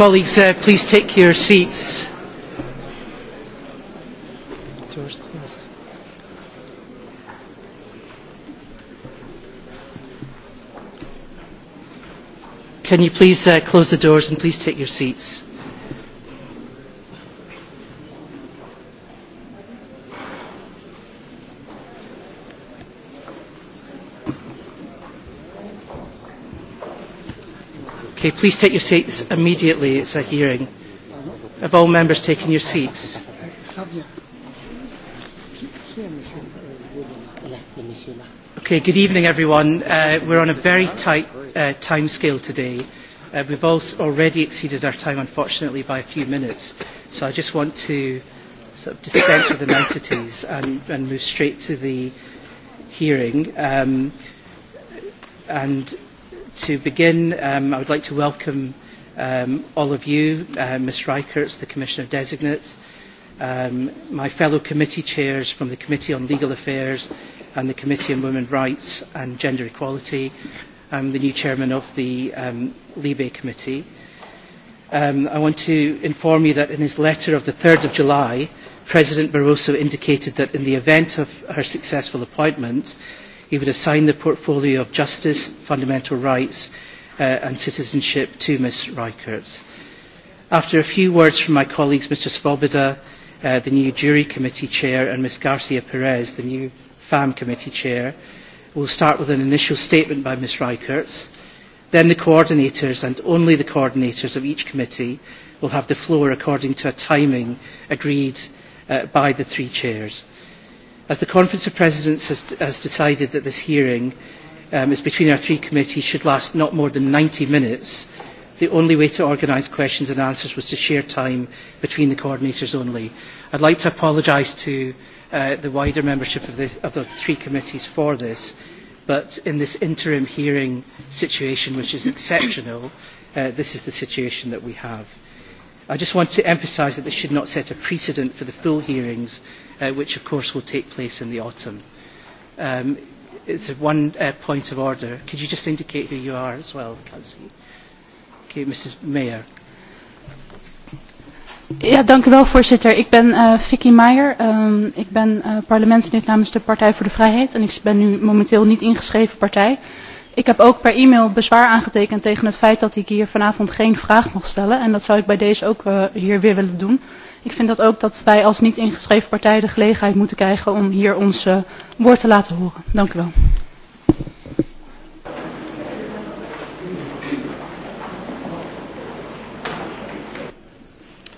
Colleagues, uh, please take your seats. Can you please uh, close the doors and please take your seats? Okay, please take your seats immediately. It's a hearing. Have all members taken your seats? Okay, good evening everyone. Uh, we're on a very tight uh, time scale today. Uh, we've all already exceeded our time, unfortunately, by a few minutes. So I just want to sort of dispense with the niceties and, and move straight to the hearing. Um, and to begin, um, I would like to welcome um, all of you, uh, Ms Reichertz, the Commissioner Designate, um, my fellow committee chairs from the Committee on Legal Affairs and the Committee on Women's Rights and Gender Equality. I'm the new chairman of the um, Libe Committee. Um, I want to inform you that in his letter of the 3rd of July, President Barroso indicated that in the event of her successful appointment, he would assign the portfolio of justice, fundamental rights uh, and citizenship to Ms Reichert. After a few words from my colleagues, Mr Svoboda, uh, the new jury committee chair, and Ms Garcia Perez, the new FAM committee chair, we'll start with an initial statement by Ms Reichertz. Then the coordinators and only the coordinators of each committee will have the floor according to a timing agreed uh, by the three chairs as the conference of presidents has, has decided that this hearing um, is between our three committees should last not more than 90 minutes the only way to organise questions and answers was to share time between the coordinators only. I'd like to apologise to uh, the wider membership of, this, of the three committees for this, but in this interim hearing situation, which is exceptional, uh, this is the situation that we have. I just want to emphasise that this should not set a precedent for the full hearings, uh, which of course will take place in the autumn. Um, it's one uh, point of order. Could you just indicate who you are as well? I can't see. Okay, Mrs. Mayer. Ja, dank u wel, voorzitter. Ik ben uh, Vicky Meijer. Um, ik ben uh, parlementslid namens de Partij voor de Vrijheid. En ik ben nu momenteel niet ingeschreven partij. Ik heb ook per e-mail bezwaar aangetekend tegen het feit dat ik hier vanavond geen vraag mag stellen. En dat zou ik bij deze ook uh, hier weer willen doen. Ik vind dat ook dat wij als niet ingeschreven partij de gelegenheid moeten krijgen om hier ons uh, woord te laten horen. Dank u wel.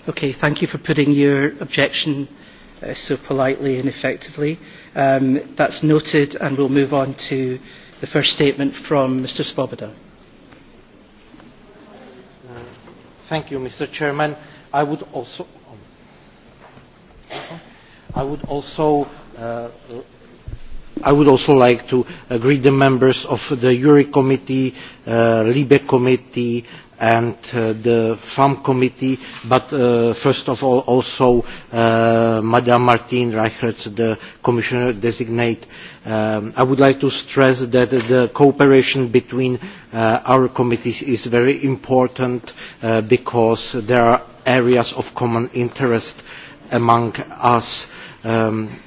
Okay, thank you for putting your objection uh, so politely and effectively. Um, that's noted and we'll move on to the first statement from Mr. Svoboda. Uh, thank you, Mr. Chairman. I would also, um, I would also, uh, I would also like to greet the members of the URI committee, uh, LIBE committee, and uh, the farm committee, but uh, first of all also uh, Madame Martine Reichertz, the commissioner designate. Um, I would like to stress that the cooperation between uh, our committees is very important uh, because there are areas of common interest among us. Um,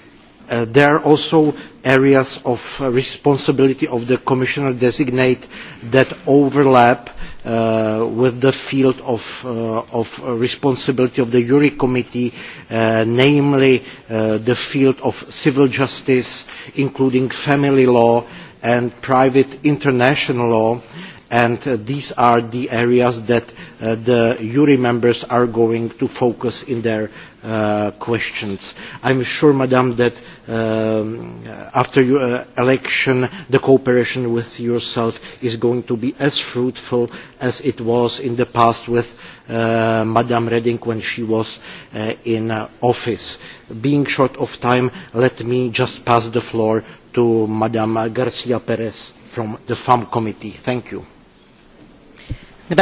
Uh, there are also areas of uh, responsibility of the commissioner designate that overlap uh, with the field of, uh, of responsibility of the jury committee, uh, namely uh, the field of civil justice, including family law and private international law. And uh, these are the areas that uh, the jury members are going to focus in their uh, questions. I'm sure, Madam, that um, uh, after your uh, election, the cooperation with yourself is going to be as fruitful as it was in the past with uh, Madam Redding when she was uh, in uh, office. Being short of time, let me just pass the floor to Madam Garcia Perez from the FAM committee. Thank you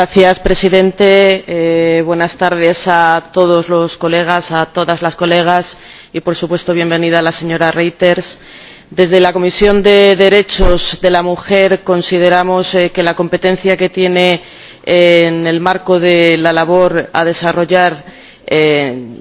señor presidente eh, buenas tardes a todos los colegas a todas las colegas y por supuesto bienvenida la señora reyters. desde la comisión de derechos de la mujer consideramos eh, que la competencia que tiene eh, en el marco de la labor a desarrollar en,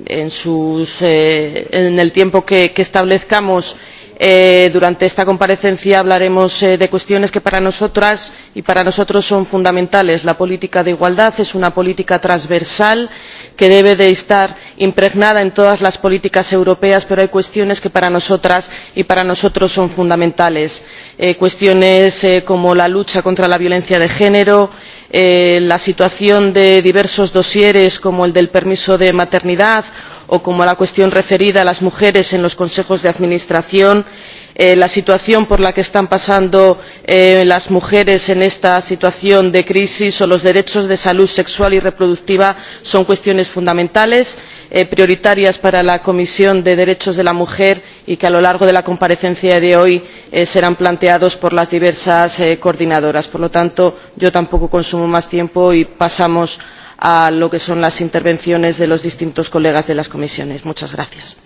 el tiempo que, que establezcamos es Eh, durante esta comparecencia hablaremos eh, de cuestiones que para nosotras y para nosotros son fundamentales. la política de igualdad es una política transversal que debe estar impregnada en todas las políticas europeas pero hay cuestiones que para nosotras y para nosotros son fundamentales eh, cuestiones como la lucha contra la violencia de género o Eh, la situación de diversos dosieres como el del permiso de maternidad o como la cuestión referida a las mujeres en los consejos de administración etc Eh, la situación por la que están pasando eh, las mujeres en esta situación de crisis o los derechos de salud sexual y reproductiva son cuestiones fundamentales eh, prioritarias para la comisión de derechos de la mujer y que a lo largo de la comparecencia de hoy serán planteadas por las diversas coordinadoras. por lo tanto yo tampoco consumo más tiempo y pasamos a lo que son las intervenciones de los distintos colegas de las comisiones. muchas gracias.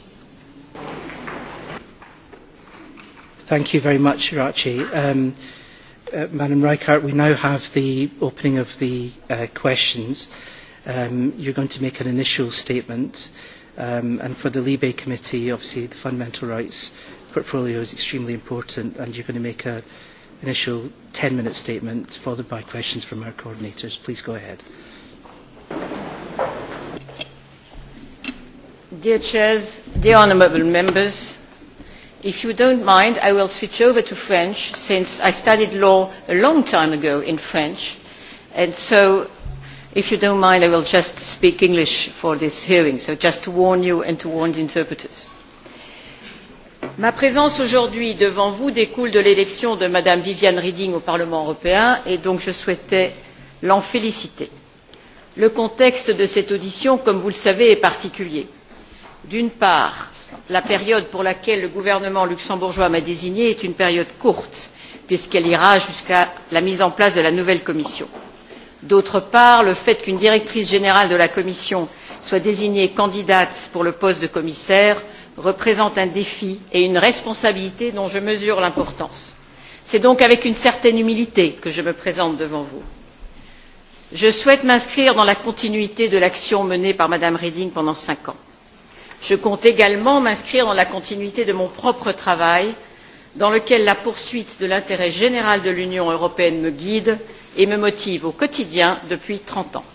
Thank you very much, Rachi. Um, uh, Madam Reichardt, we now have the opening of the uh, questions. Um, you're going to make an initial statement. Um, and for the Libe Committee, obviously, the fundamental rights portfolio is extremely important, and you're going to make an initial 10-minute statement, followed by questions from our coordinators. Please go ahead. Dear Chairs, dear Honourable Members, if you do not mind, I will switch over to French since I studied law a long time ago in French. And so, if you do not mind, I will just speak English for this hearing. So just to warn you and to warn the interpreters. Ma présence aujourd'hui devant vous découle de l'élection de Mme Viviane Reding au Parlement européen et donc je souhaitais l'en féliciter. Le contexte de cette audition, comme vous le savez, est particulier. D'une part, la période pour laquelle le gouvernement luxembourgeois m'a désignée est une période courte puisqu'elle ira jusqu'à la mise en place de la nouvelle commission. d'autre part le fait qu'une directrice générale de la commission soit désignée candidate pour le poste de commissaire représente un défi et une responsabilité dont je mesure l'importance. c'est donc avec une certaine humilité que je me présente devant vous. je souhaite m'inscrire dans la continuité de l'action menée par mme reding pendant cinq ans je compte également m'inscrire dans la continuité de mon propre travail dans lequel la poursuite de l'intérêt général de l'union européenne me guide et me motive au quotidien depuis trente ans.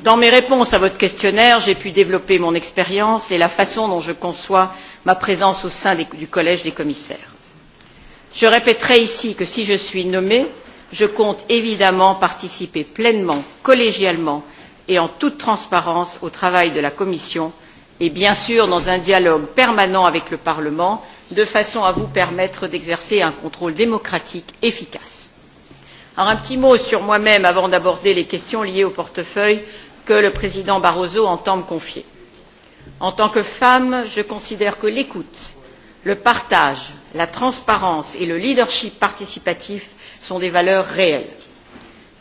dans mes réponses à votre questionnaire j'ai pu développer mon expérience et la façon dont je conçois ma présence au sein des, du collège des commissaires. je répéterai ici que si je suis nommée je compte évidemment participer pleinement collégialement et en toute transparence au travail de la commission et bien sûr dans un dialogue permanent avec le parlement de façon à vous permettre d'exercer un contrôle démocratique efficace. Alors un petit mot sur moi même avant d'aborder les questions liées au portefeuille que le président barroso entend me confier. en tant que femme je considère que l'écoute le partage la transparence et le leadership participatif sont des valeurs réelles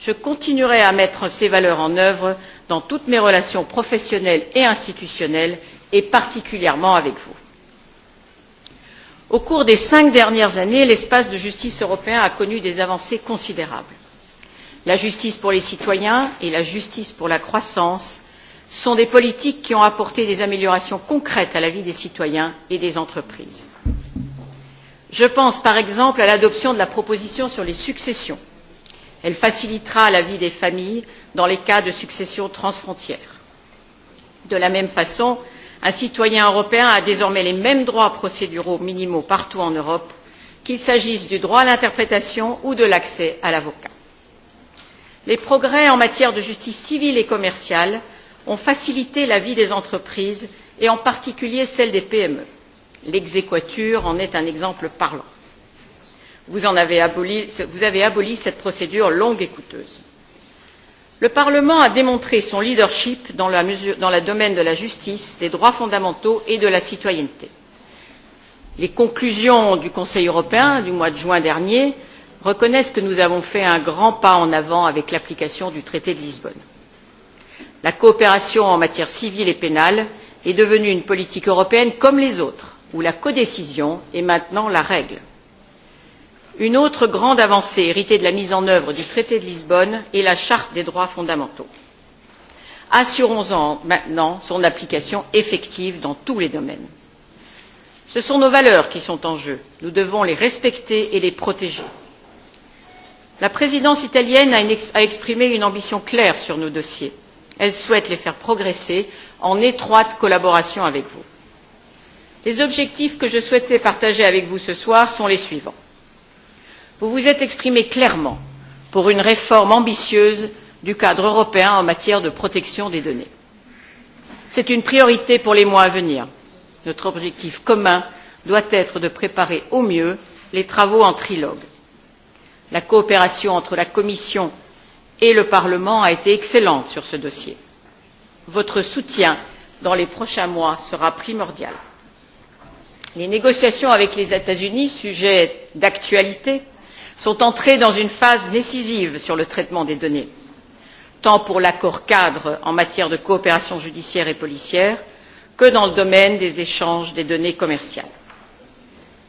je continuerai à mettre ces valeurs en œuvre dans toutes mes relations professionnelles et institutionnelles et particulièrement avec vous. au cours des cinq dernières années l'espace de justice européen a connu des avancées considérables. la justice pour les citoyens et la justice pour la croissance sont des politiques qui ont apporté des améliorations concrètes à la vie des citoyens et des entreprises. je pense par exemple à l'adoption de la proposition sur les successions elle facilitera la vie des familles dans les cas de succession transfrontière. de la même façon un citoyen européen a désormais les mêmes droits procéduraux minimaux partout en europe qu'il s'agisse du droit à l'interprétation ou de l'accès à l'avocat. les progrès en matière de justice civile et commerciale ont facilité la vie des entreprises et en particulier celle des pme. l'exéquatur en est un exemple parlant vous, avez aboli, vous avez aboli cette procédure longue et coûteuse. le parlement a démontré son leadership dans le domaine de la justice des droits fondamentaux et de la citoyenneté. les conclusions du conseil européen du mois de juin dernier reconnaissent que nous avons fait un grand pas en avant avec l'application du traité de lisbonne. la coopération en matière civile et pénale est devenue une politique européenne comme les autres où la codécision est maintenant la règle une autre grande avancée héritée de la mise en œuvre du traité de lisbonne est la charte des droits fondamentaux. assurons en maintenant son application effective dans tous les domaines. ce sont nos valeurs qui sont en jeu nous devons les respecter et les protéger. la présidence italienne a exprimé une ambition claire sur nos dossiers elle souhaite les faire progresser en étroite collaboration avec vous. les objectifs que je souhaitais partager avec vous ce soir sont les suivants vous vous êtes exprimé clairement pour une réforme ambitieuse du cadre européen en matière de protection des données. c'est une priorité pour les mois à venir. notre objectif commun doit être de préparer au mieux les travaux en trilogue. la coopération entre la commission et le parlement a été excellente sur ce dossier. votre soutien dans les prochains mois sera primordial. les négociations avec les états unis sujet d'actualité sont entrés dans une phase décisive sur le traitement des données tant pour l'accord cadre en matière de coopération judiciaire et policière que dans le domaine des échanges des données commerciales.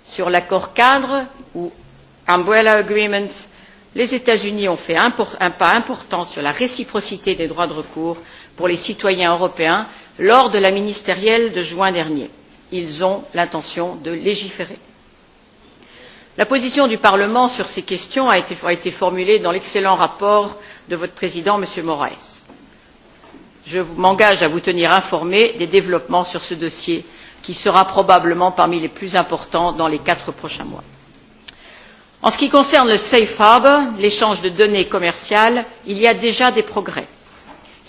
sur l'accord cadre ou umbrella agreement les états unis ont fait un pas important sur la réciprocité des droits de recours pour les citoyens européens lors de la ministérielle de juin dernier. ils ont l'intention de légiférer la position du parlement sur ces questions a été, formulée dans l'excellent rapport de votre président m. moraes. je m'engage à vous tenir informé des développements sur ce dossier qui sera probablement parmi les plus importants dans les quatre prochains mois. en ce qui concerne le safe harbour l'échange de données commerciales il y a déjà des progrès.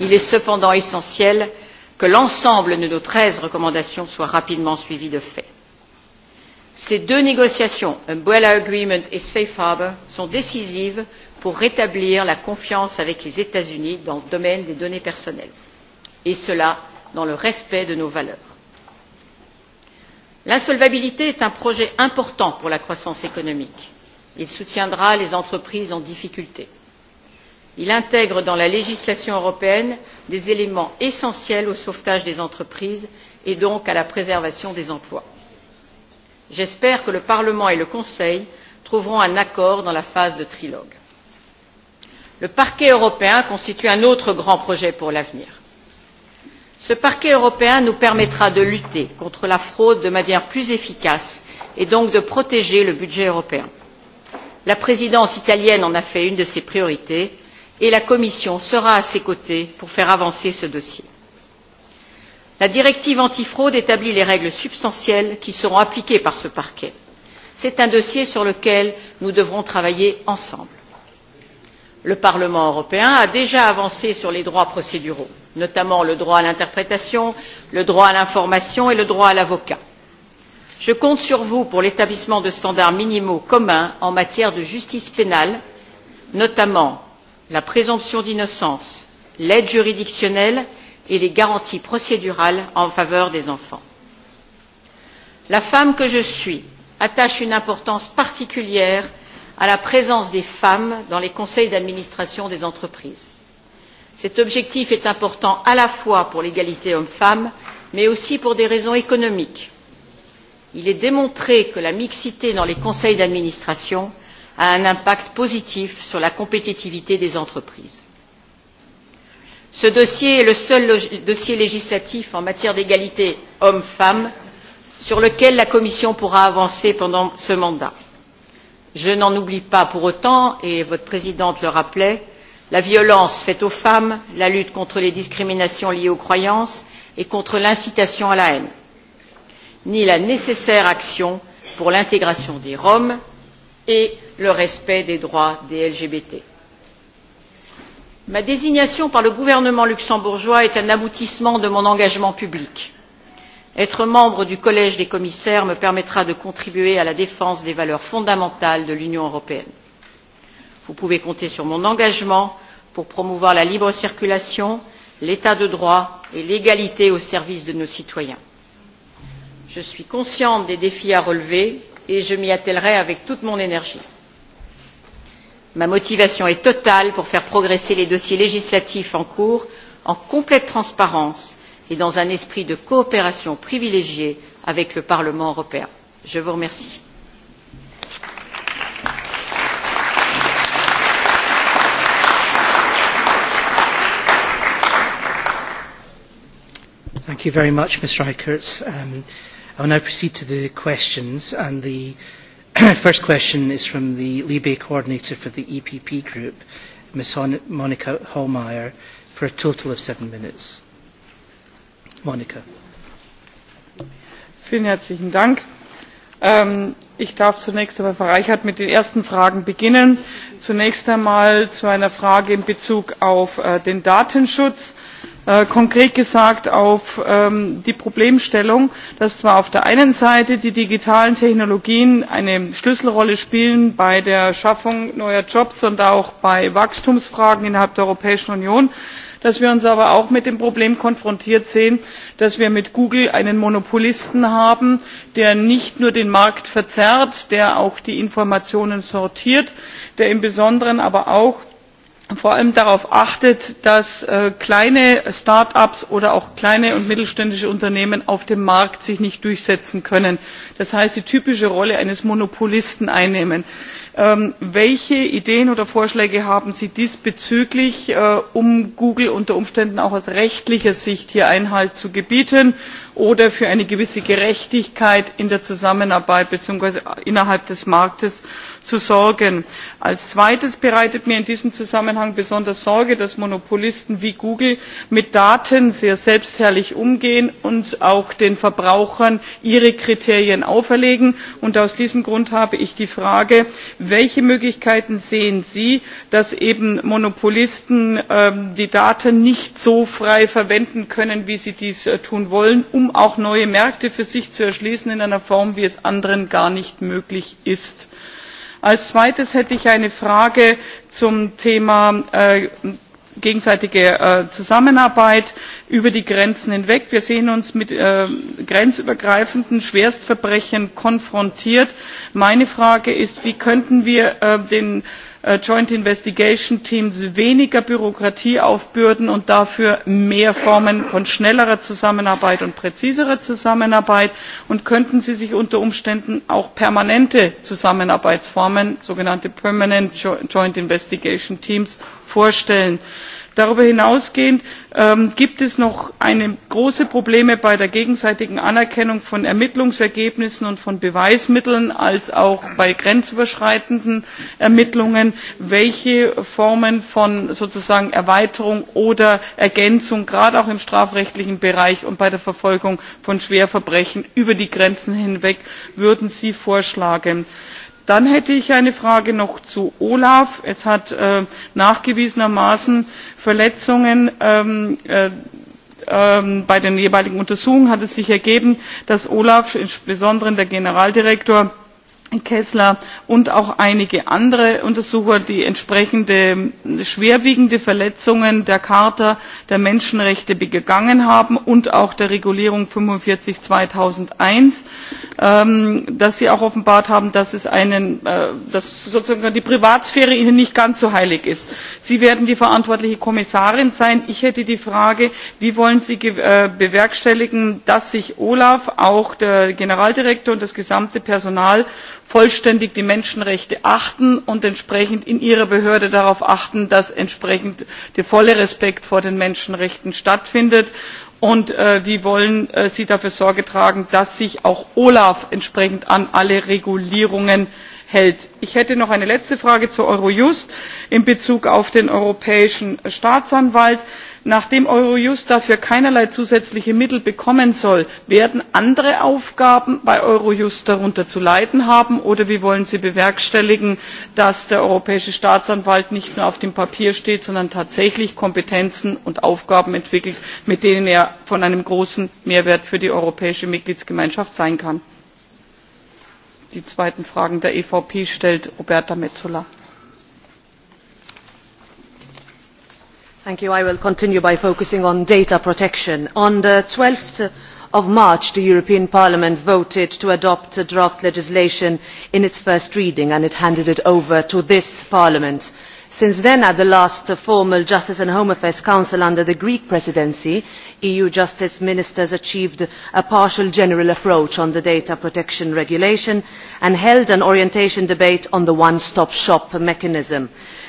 il est cependant essentiel que l'ensemble de nos treize recommandations soient rapidement suivies de faits ces deux négociations umbrella agreement et safe harbour sont décisives pour rétablir la confiance avec les états unis dans le domaine des données personnelles et cela dans le respect de nos valeurs. l'insolvabilité est un projet important pour la croissance économique. il soutiendra les entreprises en difficulté. il intègre dans la législation européenne des éléments essentiels au sauvetage des entreprises et donc à la préservation des emplois j'espère que le parlement et le conseil trouveront un accord dans la phase de trilogue. le parquet européen constitue un autre grand projet pour l'avenir. ce parquet européen nous permettra de lutter contre la fraude de manière plus efficace et donc de protéger le budget européen. la présidence italienne en a fait une de ses priorités et la commission sera à ses côtés pour faire avancer ce dossier la directive antifraude établit les règles substantielles qui seront appliquées par ce parquet. c'est un dossier sur lequel nous devrons travailler ensemble. le parlement européen a déjà avancé sur les droits procéduraux notamment le droit à l'interprétation le droit à l'information et le droit à l'avocat. je compte sur vous pour l'établissement de standards minimaux communs en matière de justice pénale notamment la présomption d'innocence l'aide juridictionnelle et les garanties procédurales en faveur des enfants. La femme que je suis attache une importance particulière à la présence des femmes dans les conseils d'administration des entreprises. Cet objectif est important à la fois pour l'égalité hommes femmes, mais aussi pour des raisons économiques. Il est démontré que la mixité dans les conseils d'administration a un impact positif sur la compétitivité des entreprises ce dossier est le seul dossier législatif en matière d'égalité hommes femmes sur lequel la commission pourra avancer pendant ce mandat. je n'en oublie pas pour autant et votre présidente le rappelait la violence faite aux femmes la lutte contre les discriminations liées aux croyances et contre l'incitation à la haine ni la nécessaire action pour l'intégration des roms et le respect des droits des lgbt ma désignation par le gouvernement luxembourgeois est un aboutissement de mon engagement public. être membre du collège des commissaires me permettra de contribuer à la défense des valeurs fondamentales de l'union européenne. vous pouvez compter sur mon engagement pour promouvoir la libre circulation l'état de droit et l'égalité au service de nos citoyens. je suis consciente des défis à relever et je m'y attellerai avec toute mon énergie ma motivation est totale pour faire progresser les dossiers législatifs en cours en complète transparence et dans un esprit de coopération privilégiée avec le parlement européen. je vous remercie. Thank you very much, Ms. Reichertz. Um, I will now proceed to the questions and the First question is from the Libe coordinator for the EPP group, Ms. Monica Hallmeyer, for a total of seven minutes. Monika. Vielen herzlichen Dank. Ähm, ich darf zunächst aber Frau Reichert, mit den ersten Fragen beginnen. Zunächst einmal zu einer Frage in Bezug auf äh, den Datenschutz Äh, konkret gesagt auf ähm, die problemstellung dass zwar auf der einen seite die digitalen technologien eine schlüsselrolle spielen bei der schaffung neuer jobs und auch bei wachstumsfragen innerhalb der europäischen union dass wir uns aber auch mit dem problem konfrontiert sehen dass wir mit google einen monopolisten haben der nicht nur den markt verzerrt der auch die informationen sortiert der im besonderen aber auch vor allem darauf achtet dass äh, kleine start ups oder auch kleine und mittelständische unternehmen sich auf dem markt nicht durchsetzen können das heißt die typische rolle eines monopolisten einnehmen. Ähm, welche ideen oder vorschläge haben sie diesbezüglich äh, um google unter umständen auch aus rechtlicher sicht hier einhalt zu gebieten oder für eine gewisse gerechtigkeit in der zusammenarbeit beziehungsweise innerhalb des marktes zu sorgen. als zweites bereitet mir in diesem zusammenhang besonders sorge dass monopolisten wie google mit daten sehr selbstherrlich umgehen und auch den verbrauchern ihre kriterien auferlegen. Und aus diesem grund habe ich die frage welche möglichkeiten sehen sie dass eben monopolisten ähm, die daten nicht so frei verwenden können wie sie dies äh, tun wollen um auch neue märkte für sich zu erschließen in einer form wie es anderen gar nicht möglich ist? als zweites hätte ich eine frage zum thema äh, gegenseitige äh, zusammenarbeit über die grenzen hinweg. wir sehen uns mit äh, grenzübergreifenden schwerstverbrechen konfrontiert. meine frage ist wie könnten wir den Äh, joint investigation teams weniger bürokratie aufbürden und dafür mehr formen von schnellerer zusammenarbeit und präziserer zusammenarbeit und könnten sie sich unter umständen auch permanente zusammenarbeitsformen sogenannte permanent joint investigation teams vorstellen? darüber hinausgehend ähm, gibt es noch große probleme bei der gegenseitigen anerkennung von ermittlungsergebnissen und von beweismitteln als auch bei grenzüberschreitenden ermittlungen welche formen von sozusagen erweiterung oder ergänzung gerade auch im strafrechtlichen bereich und bei der verfolgung von schwerverbrechen über die grenzen hinweg würden sie vorschlagen? dann hätte ich eine frage noch zu olaf es hat äh, nachgewiesenermaßen verletzungen ähm, äh, ähm, bei den jeweiligen untersuchungen hat es sich ergeben dass olaf insbesondere der generaldirektor Kessler und auch einige andere Untersucher, die entsprechende schwerwiegende Verletzungen der Charta der Menschenrechte begangen haben und auch der Regulierung fünfundvierzig zweitausendeins ähm, dass sie auch offenbart haben, äh, dass sozusagen die Privatsphäre ihnen nicht ganz so heilig ist. Sie werden die verantwortliche Kommissarin sein. Ich hätte die Frage, wie wollen Sie äh, bewerkstelligen, dass sich Olaf, auch der Generaldirektor und das gesamte Personal vollständig die menschenrechte achten und entsprechend in ihrer behörde darauf achten dass entsprechend der volle respekt vor den menschenrechten stattfindet und äh, wie wollen äh, sie dafür sorge tragen dass sich auch olaf entsprechend an alle regulierungen hält? ich hätte noch eine letzte frage zu eurojust in bezug auf den europäischen staatsanwalt nachdem eurojust dafür keinerlei zusätzliche mittel bekommen soll werden andere aufgaben bei eurojust darunter zu leiden haben oder wie wollen sie bewerkstelligen dass der europäische staatsanwalt nicht nur auf dem papier steht sondern tatsächlich kompetenzen und aufgaben entwickelt mit denen er von einem großen mehrwert für die europäische mitgliedsgemeinschaft sein kann? die zweiten fragen der evp stellt roberta metsola. i will continue by focusing on data protection. on twelve march the european parliament voted to adopt draft legislation in its first reading and it handed it over to this parliament since then at the last formal justice and home affairs council under the greek presidency eu justice ministers achieved a partial general approach on the data protection regulation and held an orientation debate on the one stop shop mechanism.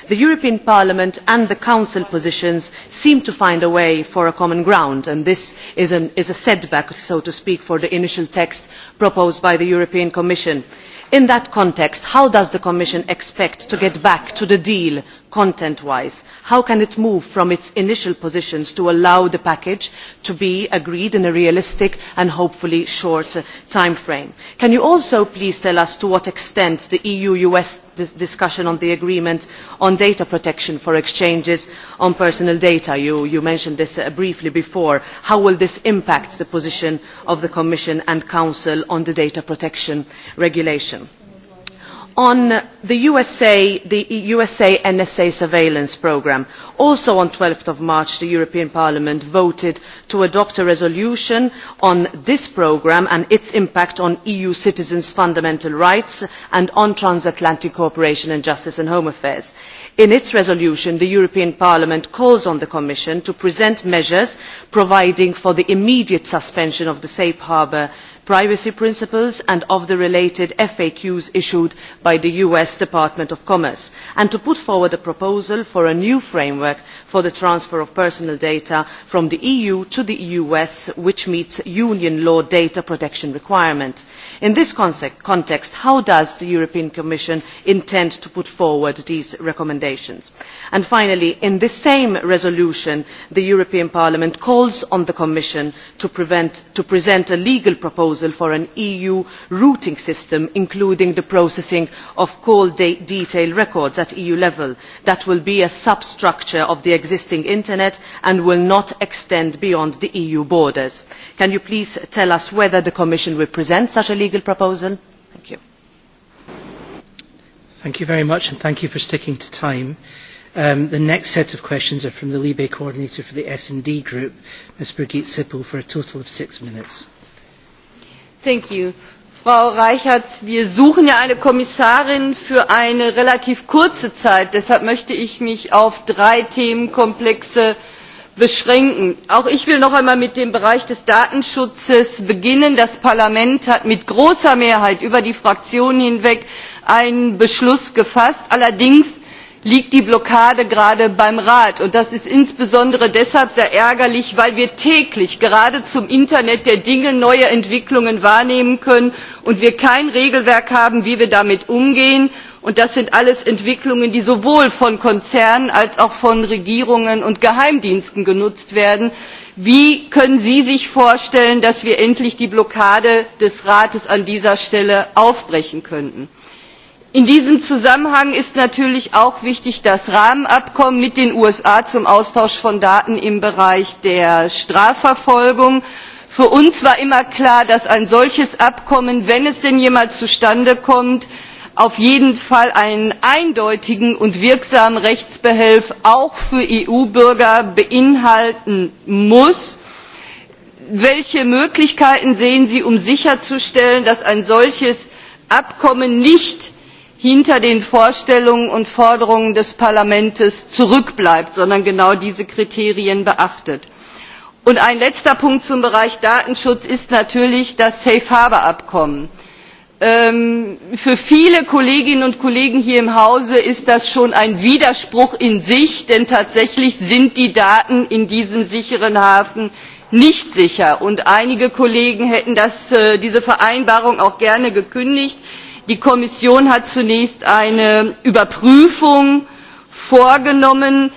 the european parliament and the council positions seem to find a way for common ground and this is, is a setback so to speak for the initial text proposed by the european commission in that context how does the commission expect to get back to the deal content wise how can it move from its initial positions to allow the package to be agreed in a realistic and hopefully short uh, timeframe? can you also please tell us to what extent the eu us discussion on the agreement on data protection for exchanges on personal data you, you mentioned this uh, briefly before how will this impact the position of the commission and council on the data protection regulation? on the USA, nsa surveillance programme also on twelve march the european parliament voted to adopt a resolution on this programme and its impact on eu citizens' fundamental rights and on transatlantic cooperation in justice and home affairs. in its resolution the european parliament calls on the commission to present measures providing for the immediate suspension of the safe harbour privacy principles and of the related faqs issued by the us department of commerce and to put forward a proposal for a new framework for the transfer of personal data from the eu to the us which meets union law data protection requirements. in this context how does the european commission intend to put forward these recommendations? And finally in this same resolution the european parliament calls on the commission to, prevent, to present a legal proposal for an eu routing system including the processing of call de detail records at eu level that will be a substructure of the existing internet and will not extend beyond the eu borders. can you please tell us whether the commission will present such a legal proposal? thank you. thank you very much and thank you for sticking to time. Um, the next set of questions are from the Libe coordinator for the S&D group, Ms Brigitte Sippel, for a total of six minutes. Thank you frau reicherts wir suchen ja eine kommissarin für eine relativ kurze zeit deshalb möchte ich mich auf drei themenkomplexe beschränken. auch ich will noch einmal mit dem bereich des datenschutzes beginnen. das parlament hat mit großer mehrheit über die fraktionen hinweg einen beschluss gefasst allerdings liegt die blockade gerade beim rat und das ist insbesondere deshalb sehr ärgerlich weil wir täglich gerade zum internet der dinge neue entwicklungen wahrnehmen können und wir kein regelwerk haben wie wir damit umgehen und das sind alles entwicklungen die sowohl von konzernen als auch von regierungen und geheimdiensten genutzt werden. wie können sie sich vorstellen dass wir endlich die blockade des rates an dieser stelle aufbrechen könnten? in diesem zusammenhang ist natürlich auch wichtig das rahmenabkommen mit den usa zum austausch von daten im bereich der strafverfolgung. für uns war immer klar dass ein solches abkommen wenn es denn jemals zustande kommt auf jeden fall einen eindeutigen und wirksamen rechtsbehelf auch für eu bürger beinhalten muss. welche möglichkeiten sehen sie um sicherzustellen dass ein solches abkommen nicht hinter den vorstellungen und forderungen des parlaments zurückbleibt sondern genau diese kriterien beachtet. ein letzter punkt zum bereich datenschutz ist natürlich das safe harbour abkommen. Ähm, für viele kolleginnen und kollegen hier im hause ist das schon ein widerspruch in sich denn tatsächlich sind die daten in diesem sicheren hafen nicht sicher und einige kollegen hätten äh, diese vereinbarung auch gerne gekündigt die kommission hat zunächst eine überprüfung vorgenommen.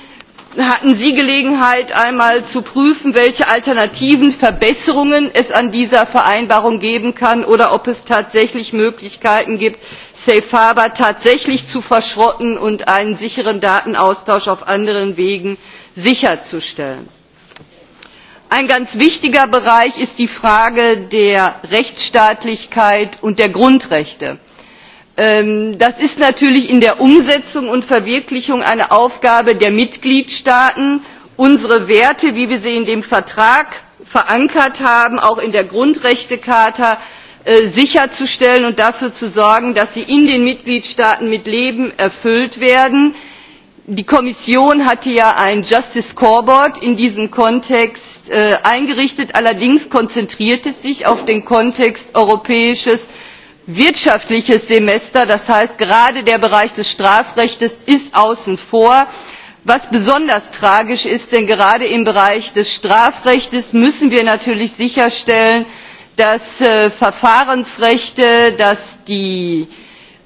hatten sie gelegenheit einmal zu prüfen welche alternativen verbesserungen es an dieser vereinbarung geben kann oder ob es tatsächlich möglichkeiten gibt safe harbour tatsächlich zu verschrotten und einen sicheren datenaustausch auf anderen wegen sicherzustellen? ein ganz wichtiger bereich ist die frage der rechtsstaatlichkeit und der grundrechte. Ähm, das ist natürlich in der umsetzung und verwirklichung eine aufgabe der mitgliedstaaten unsere werte wie wir sie in dem vertrag verankert haben auch in der grundrechtecharta äh, sicherzustellen und dafür zu sorgen dass sie in den mitgliedstaaten mit leben erfüllt werden. die kommission hatte ja ein justice scoreboard in diesem kontext äh, eingerichtet allerdings konzentriert es sich auf den kontext europäisches wirtschaftliches semester das heißt gerade der bereich des strafrechts ist außen vor was besonders tragisch ist denn gerade im bereich des strafrechts müssen wir natürlich sicherstellen dass äh, verfahrensrechte dass die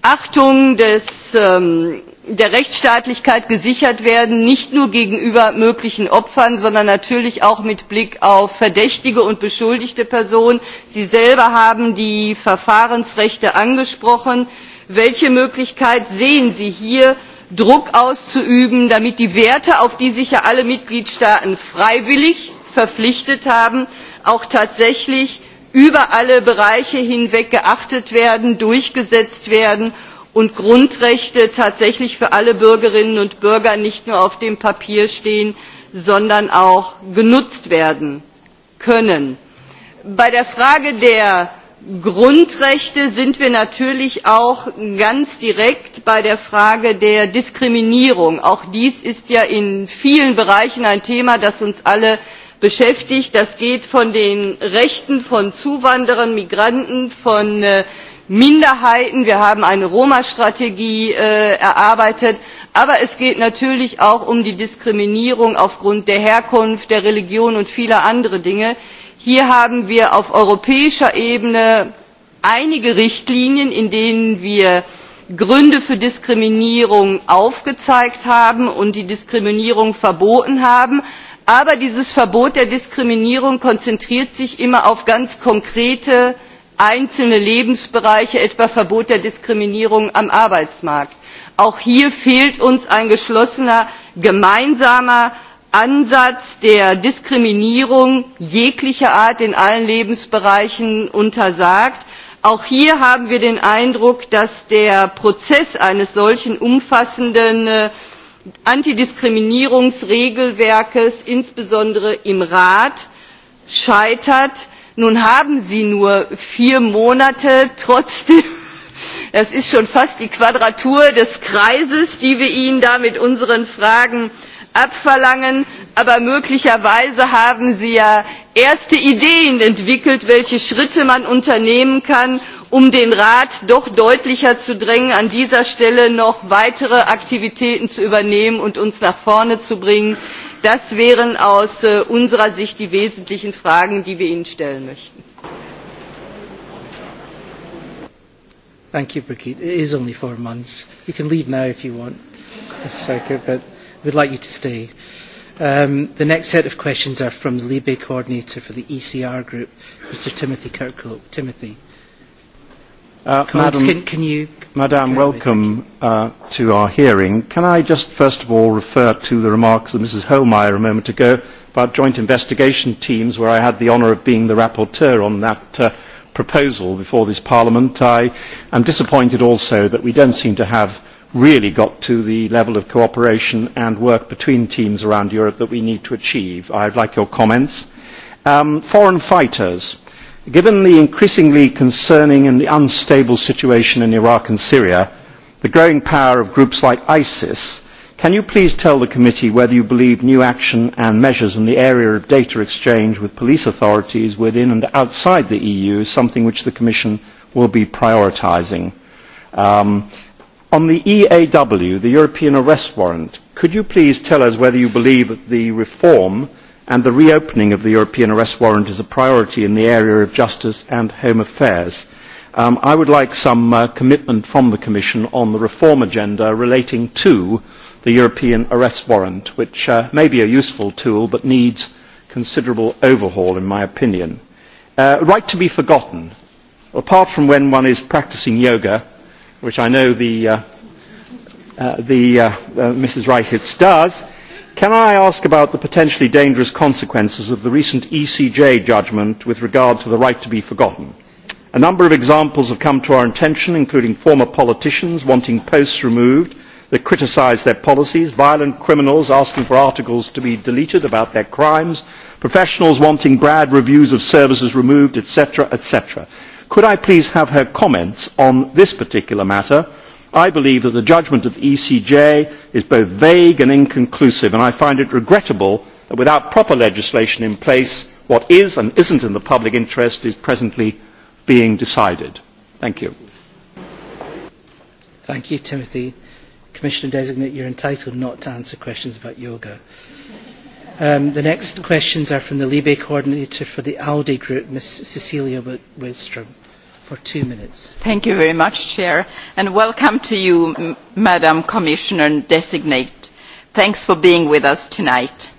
achtung des ähm, der rechtsstaatlichkeit gesichert werden nicht nur gegenüber möglichen opfern sondern natürlich auch mit blick auf verdächtige und beschuldigte personen. sie selber haben die verfahrensrechte angesprochen. welche möglichkeit sehen sie hier druck auszuüben damit die werte auf die sich ja alle mitgliedstaaten freiwillig verpflichtet haben auch tatsächlich über alle bereiche hinweg geachtet werden durchgesetzt werden und grundrechte tatsächlich für alle bürgerinnen und bürger nicht nur auf dem papier stehen sondern auch genutzt werden können. bei der frage der grundrechte sind wir natürlich auch ganz direkt bei der frage der diskriminierung. auch dies ist ja in vielen bereichen ein thema das uns alle beschäftigt. das geht von den rechten von zuwanderern migranten von äh, minderheiten wir haben eine roma strategie äh, erarbeitet aber es geht natürlich auch um die diskriminierung aufgrund der herkunft der religion und vieler anderer dinge. hier haben wir auf europäischer ebene einige richtlinien in denen wir gründe für diskriminierung aufgezeigt haben und die diskriminierung verboten haben aber dieses verbot der diskriminierung konzentriert sich immer auf ganz konkrete einzelne lebensbereiche etwa das verbot der diskriminierung am arbeitsmarkt. auch hier fehlt uns ein geschlossener gemeinsamer ansatz der diskriminierung jeglicher art in allen lebensbereichen untersagt. auch hier haben wir den eindruck dass der prozess eines solchen umfassenden äh, antidiskriminierungsregelwerkes insbesondere im rat scheitert nun haben sie nur vier monate trotzdem das ist schon fast die quadratur des kreises die wir ihnen da mit unseren fragen abverlangen aber möglicherweise haben sie ja erste ideen entwickelt welche schritte man unternehmen kann um den rat doch deutlicher zu drängen an dieser stelle noch weitere aktivitäten zu übernehmen und uns nach vorne zu bringen das wären aus äh, unserer sicht die wesentlichen fragen die wir ihnen stellen möchten. Thank you, Brigitte. It is only four months. You can leave now if you want, Ms. Stryker, but we'd like you to stay. Um, the next set of questions are from the Libe coordinator for the ECR group, Mr. Timothy Kirkhope. Timothy. Uh, Colleagues, can, can you Madam, welcome uh, to our hearing. Can I just first of all refer to the remarks of Mrs Holmeyer a moment ago about joint investigation teams where I had the honour of being the rapporteur on that uh, proposal before this Parliament. I am disappointed also that we don't seem to have really got to the level of cooperation and work between teams around Europe that we need to achieve. I'd like your comments. Um, foreign fighters. Uh, Given the increasingly concerning and unstable situation in Iraq and Syria, the growing power of groups like ISIS, can you please tell the committee whether you believe new action and measures in the area of data exchange with police authorities within and outside the EU is something which the Commission will be prioritising? Um, on the EAW, the European Arrest Warrant, could you please tell us whether you believe that the reform and the reopening of the European arrest warrant is a priority in the area of justice and home affairs. Um, I would like some uh, commitment from the Commission on the reform agenda relating to the European arrest warrant, which uh, may be a useful tool but needs considerable overhaul, in my opinion. Uh, right to be forgotten. Apart from when one is practicing yoga, which I know the, uh, uh, the, uh, uh, Mrs. Reichitz does, can i ask about the potentially dangerous consequences of the recent ecj judgment with regard to the right to be forgotten? a number of examples have come to our attention including former politicians wanting posts removed that criticise their policies violent criminals asking for articles to be deleted about their crimes professionals wanting bad reviews of services removed etc. etc. could i please have her comments on this particular matter? I believe that the judgment of the ECJ is both vague and inconclusive, and I find it regrettable that without proper legislation in place, what is and isn't in the public interest is presently being decided. Thank you. Thank you, Timothy. Commissioner designate, you're entitled not to answer questions about yoga. Um, the next questions are from the Libe coordinator for the ALDE group, Ms. Cecilia Wedstrom and welcome to you, Madam Commissioner Designate. Thanks for being with us tonight.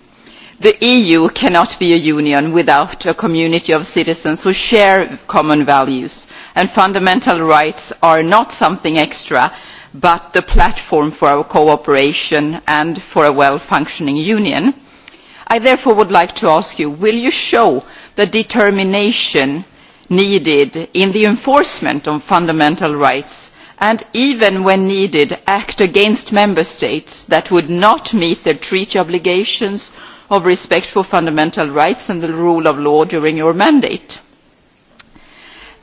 The EU cannot be a union without a community of citizens who share common values, and fundamental rights are not something extra, but the platform for our cooperation and for a well-functioning union. I therefore would like to ask you, will you show the determination needed in the enforcement of fundamental rights and even when needed act against member states that would not meet their treaty obligations of respect for fundamental rights and the rule of law during your mandate?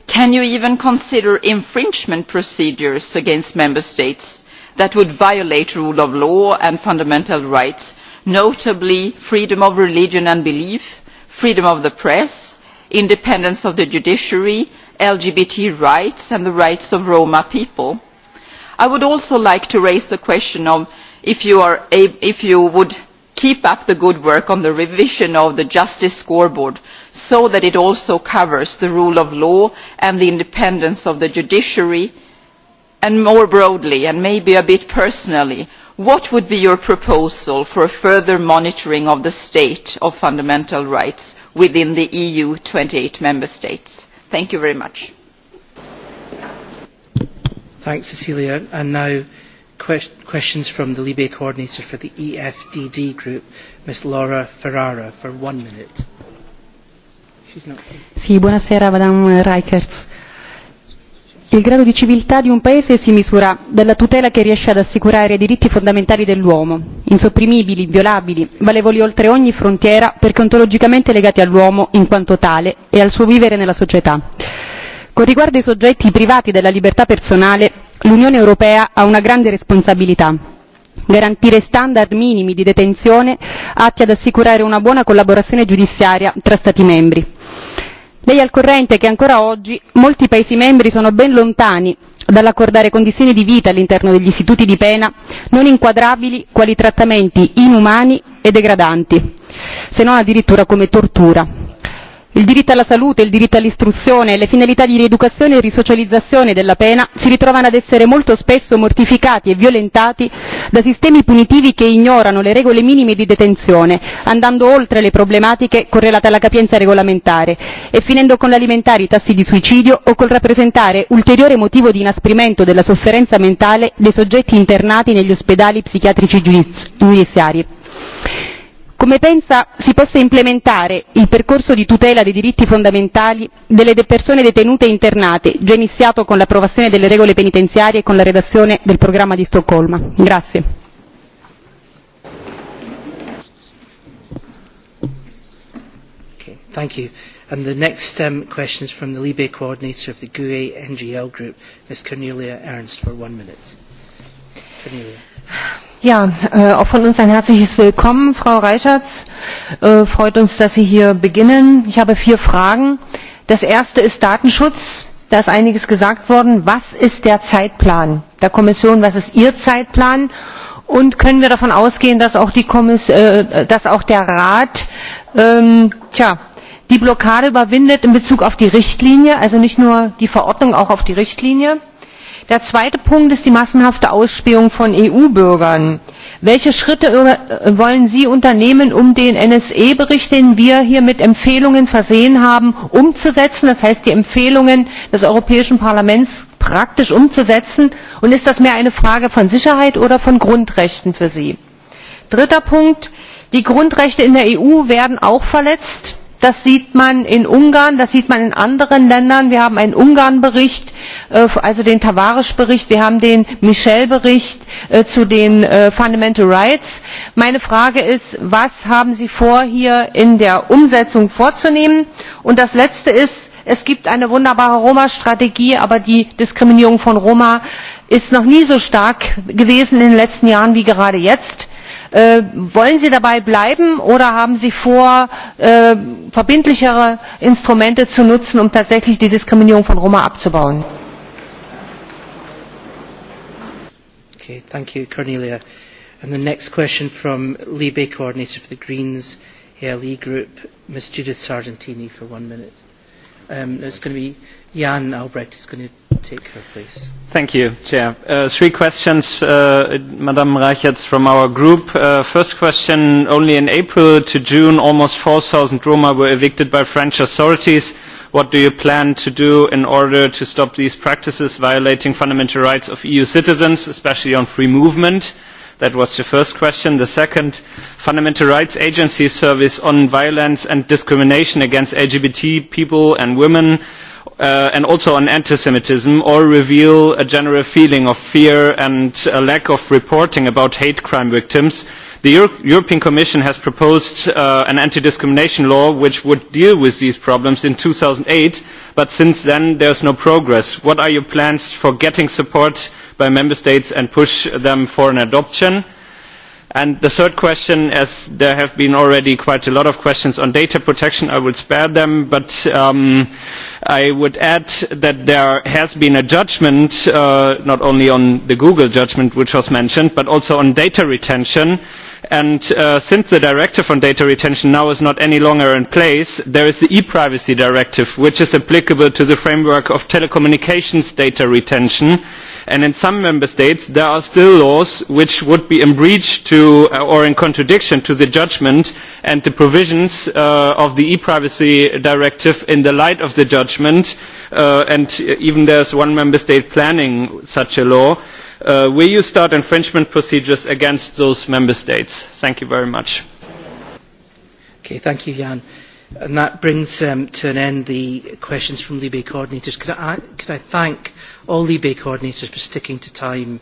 Can you even consider infringement procedures against member states that would violate rule of law and fundamental rights, notably freedom of religion and belief, freedom of the press, independence of the judiciary lgbt rights and the rights of roma people. i would also like to raise the question of if you, you would keep up the good work on the revision of the justice scoreboard so that it also covers the rule of law and the independence of the judiciary and more broadly and maybe a bit personally what would be your proposal for further monitoring of the state of fundamental rights? within the eu twenty eight member states. thank you very much. Thanks, Cecilia. And now questions from the Libe coordinator for the EFDD group, Ms. Laura Ferrara, for one minute. She's not Sì, buonasera, Madame Reichert. Il grado di civiltà di un paese si misura dalla tutela che riesce ad assicurare ai diritti fondamentali dell'uomo, insopprimibili, inviolabili, valevoli oltre ogni frontiera perché ontologicamente legati all'uomo in quanto tale e al suo vivere nella società. Con riguardo ai soggetti privati della libertà personale, l'Unione Europea ha una grande responsabilità garantire standard minimi di detenzione atti ad assicurare una buona collaborazione giudiziaria tra Stati membri lei è al corrente che ancora oggi molti paesi membri sono ben lontani dall'accordare condizioni di vita all'interno degli istituti di pena non inquadrabili quali trattamenti inumani e degradanti se non addirittura come tortura il diritto alla salute il diritto all'istruzione e le finalità di rieducazione e risocializzazione della pena si ritrovano ad essere molto spesso mortificati e violentati da sistemi punitivi che ignorano le regole minime di detenzione andando oltre le problematiche correlate alla capienza regolamentare e finendo con l'alimentare i tassi di suicidio o col rappresentare ulteriore motivo di inasprimento della sofferenza mentale dei soggetti internati negli ospedali psichiatrici giudiziari come pensa si possa implementare il percorso di tutela dei diritti fondamentali delle persone detenute e internate già iniziato con l'approvazione delle regole penitenziarie e con la redazione del programma di stoccolma? Thank you. And the next um, question is from the Libe coordinator of the GUE NGL group, Ms. Cornelia Ernst, for one minute. Cornelia. Ja, äh, auch von uns ein herzliches Willkommen, Frau Reichertz. Äh, freut uns, dass Sie hier beginnen. Ich habe vier Fragen. Das erste ist Datenschutz. Da ist einiges gesagt worden. Was ist der Zeitplan der Kommission? Was ist Ihr Zeitplan? Und können wir davon ausgehen, dass auch, die Kommiss äh, dass auch der Rat ähm, tja, die Blockade überwindet in Bezug auf die Richtlinie, also nicht nur die Verordnung, auch auf die Richtlinie? der zweite punkt ist die massenhafte ausspähung von eu bürgern. welche schritte äh, wollen sie unternehmen um den nsa bericht den wir hier mit empfehlungen versehen haben umzusetzen das heißt die empfehlungen des europäischen parlaments praktisch umzusetzen und ist das mehr eine frage von sicherheit oder von grundrechten für sie? dritter punkt die grundrechte in der eu werden auch verletzt. Das sieht man in Ungarn, das sieht man in anderen Ländern. Wir haben einen Ungarn-Bericht, äh, also den Tavares-Bericht, wir haben den Michel-Bericht äh, zu den äh, Fundamental Rights. Meine Frage ist, was haben Sie vor, hier in der Umsetzung vorzunehmen? Und das Letzte ist, es gibt eine wunderbare Roma-Strategie, aber die Diskriminierung von Roma ist noch nie so stark gewesen in den letzten Jahren wie gerade jetzt Äh, wollen sie dabei bleiben oder haben sie vor äh, verbindlichere instrumente zu nutzen um tatsächlich die diskriminierung von roma abzubauen? Okay, thank you, Cornelia. And the next question from Libe coordinator for the Greens ALE group, Ms. Judith Sargentini, for one minute. Um, it's going to be Jan Albrecht is going to take her place. Thank you, Chair. Uh, three questions, uh, Madam reichert, from our group. Uh, first question, only in April to June, almost 4,000 Roma were evicted by French authorities. What do you plan to do in order to stop these practices violating fundamental rights of EU citizens, especially on free movement? That was the first question. The second, Fundamental Rights Agency service on violence and discrimination against LGBT people and women uh, and also on anti-Semitism or reveal a general feeling of fear and a lack of reporting about hate crime victims. The Euro European Commission has proposed uh, an anti-discrimination law which would deal with these problems in 2008, but since then there there's no progress. What are your plans for getting support by member states and push them for an adoption? And the third question, as there have been already quite a lot of questions on data protection, I will spare them, but um, I would add that there has been a judgment, uh, not only on the Google judgment which was mentioned, but also on data retention. And uh, since the directive on data retention now is not any longer in place, there is the e-privacy directive, which is applicable to the framework of telecommunications data retention. And in some member states, there are still laws which would be in breach to uh, or in contradiction to the judgment and the provisions uh, of the e-privacy directive in the light of the judgment judgment uh, and even there's one member state planning such a law. Uh, will you start infringement procedures against those member states? Thank you very much. Okay, thank you, Jan. And that brings um, to an end the questions from Libe coordinators. Could I, could I thank all Libe coordinators for sticking to time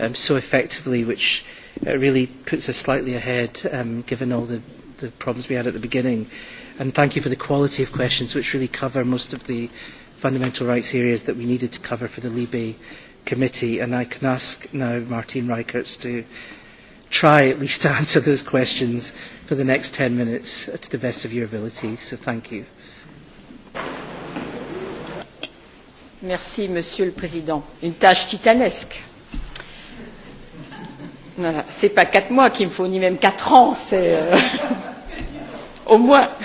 um, so effectively, which uh, really puts us slightly ahead, um, given all the, the problems we had at the beginning and thank you for the quality of questions which really cover most of the fundamental rights areas that we needed to cover for the Libe committee. And I can ask now Martin Reichertz to try at least to answer those questions for the next 10 minutes to the best of your ability. So thank you. Merci, Monsieur le Président. Une tâche titanesque. Voilà. Ce n'est pas quatre mois qu'il me faut, ni même quatre ans. C'est. Euh... au moins.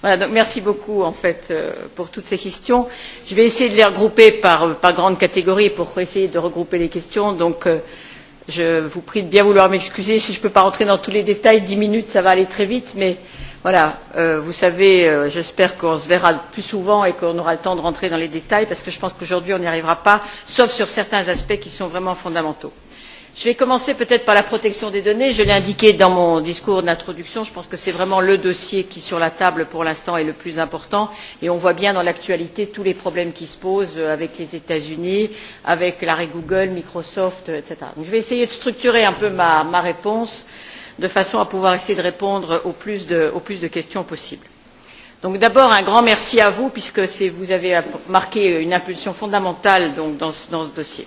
Voilà, donc merci beaucoup en fait euh, pour toutes ces questions. Je vais essayer de les regrouper par, euh, par grandes catégories pour essayer de regrouper les questions. Donc euh, je vous prie de bien vouloir m'excuser si je ne peux pas rentrer dans tous les détails. Dix minutes, ça va aller très vite, mais voilà, euh, vous savez, euh, j'espère qu'on se verra plus souvent et qu'on aura le temps de rentrer dans les détails parce que je pense qu'aujourd'hui on n'y arrivera pas, sauf sur certains aspects qui sont vraiment fondamentaux je vais commencer peut être par la protection des données je l'ai indiqué dans mon discours d'introduction je pense que c'est vraiment le dossier qui sur la table pour l'instant est le plus important et on voit bien dans l'actualité tous les problèmes qui se posent avec les états unis avec l'arrêt google microsoft etc. donc je vais essayer de structurer un peu ma, ma réponse de façon à pouvoir essayer de répondre au plus de, au plus de questions possible. Donc d'abord un grand merci à vous puisque vous avez marqué une impulsion fondamentale donc, dans, dans ce dossier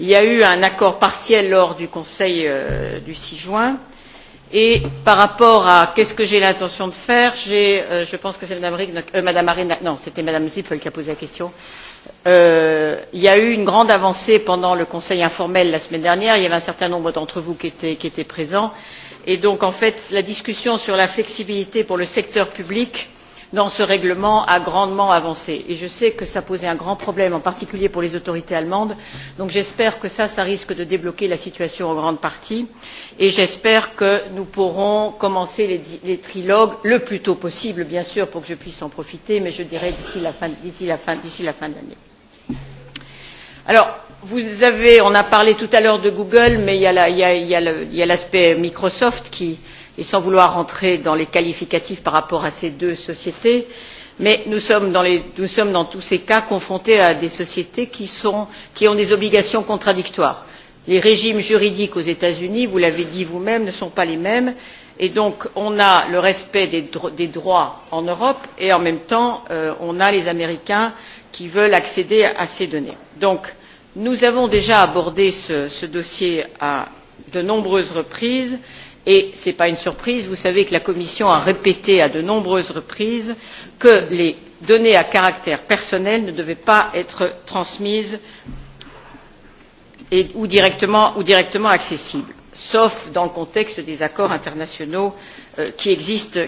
il y a eu un accord partiel lors du conseil euh, du six juin et par rapport à qu'est ce que j'ai l'intention de faire euh, je pense que c'est mme, euh, mme arena non c'était mme zipfel qui a posé la question euh, il y a eu une grande avancée pendant le conseil informel la semaine dernière il y avait un certain nombre d'entre vous qui étaient, qui étaient présents et donc en fait la discussion sur la flexibilité pour le secteur public dans ce règlement a grandement avancé et je sais que cela posait un grand problème en particulier pour les autorités allemandes donc j'espère que cela risque de débloquer la situation en grande partie et j'espère que nous pourrons commencer les, trilogues le plus tôt possible bien sûr pour que je puisse en profiter mais je dirais d'ici la fin de l'année. Alors, vous avez, on a parlé tout à l'heure de Google, mais il y a l'aspect Microsoft qui, euh, et sans vouloir entrer dans les qualificatifs par rapport à ces deux sociétés mais nous sommes dans, tous ces cas confrontés à des sociétés qui, ont des obligations contradictoires. les régimes juridiques aux états unis vous l'avez dit vous même ne sont pas les mêmes et donc on a le respect des, droits en europe et en même temps euh, on a les américains qui veulent accéder à ces données. donc nous avons déjà abordé ce, ce dossier à de nombreuses reprises et et ce n'est pas une surprise vous savez que la commission a répété à de nombreuses reprises que les données à caractère personnel ne devaient pas être transmises ou, directement, accessibles sauf dans le contexte des accords internationaux euh, qui, existent,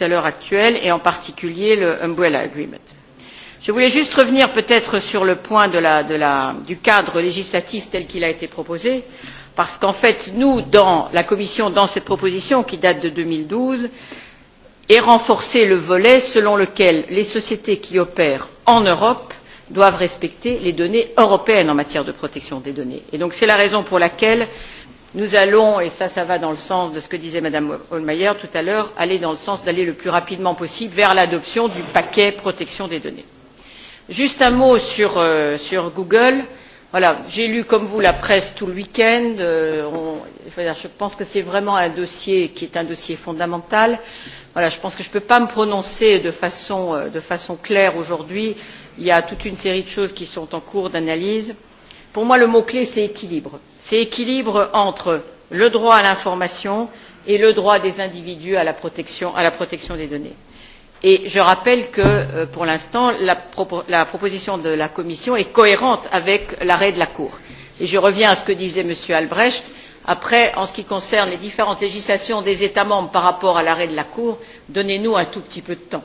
à l'heure actuelle et en particulier le umbrella agreement. je voulais juste revenir peut être sur le point du cadre législatif tel qu'il a été proposé. Euh, parce qu'en fait nous dans la commission dans cette proposition qui date de deux mille douze est renforcé le volet selon lequel les sociétés qui opèrent en europe doivent respecter les données européennes en matière de protection des données. c'est donc la raison pour laquelle nous allons et cela va dans le sens de ce que disait mme hohlmeier tout à l'heure aller dans le sens d'aller le plus rapidement possible vers l'adoption du paquet protection des données. juste un mot sur euh, google. Voilà, j'ai lu comme vous la presse tout le week-end. Euh, je pense que c'est vraiment un dossier qui est un dossier fondamental. je pense que je ne peux pas me prononcer de façon, euh, de façon claire aujourd'hui. Il y a toute une série de choses qui sont en cours d'analyse. Pour moi, le mot-clé, c'est équilibre. C'est équilibre entre le droit à l'information et le droit des individus à la protection, à la protection des données et je rappelle que euh, pour l'instant la, proposition de la commission est cohérente avec l'arrêt de la cour je reviens à ce que disait m. albrecht après en ce qui concerne les différentes législations des états membres par rapport à l'arrêt de la cour donnez nous un tout petit peu de temps.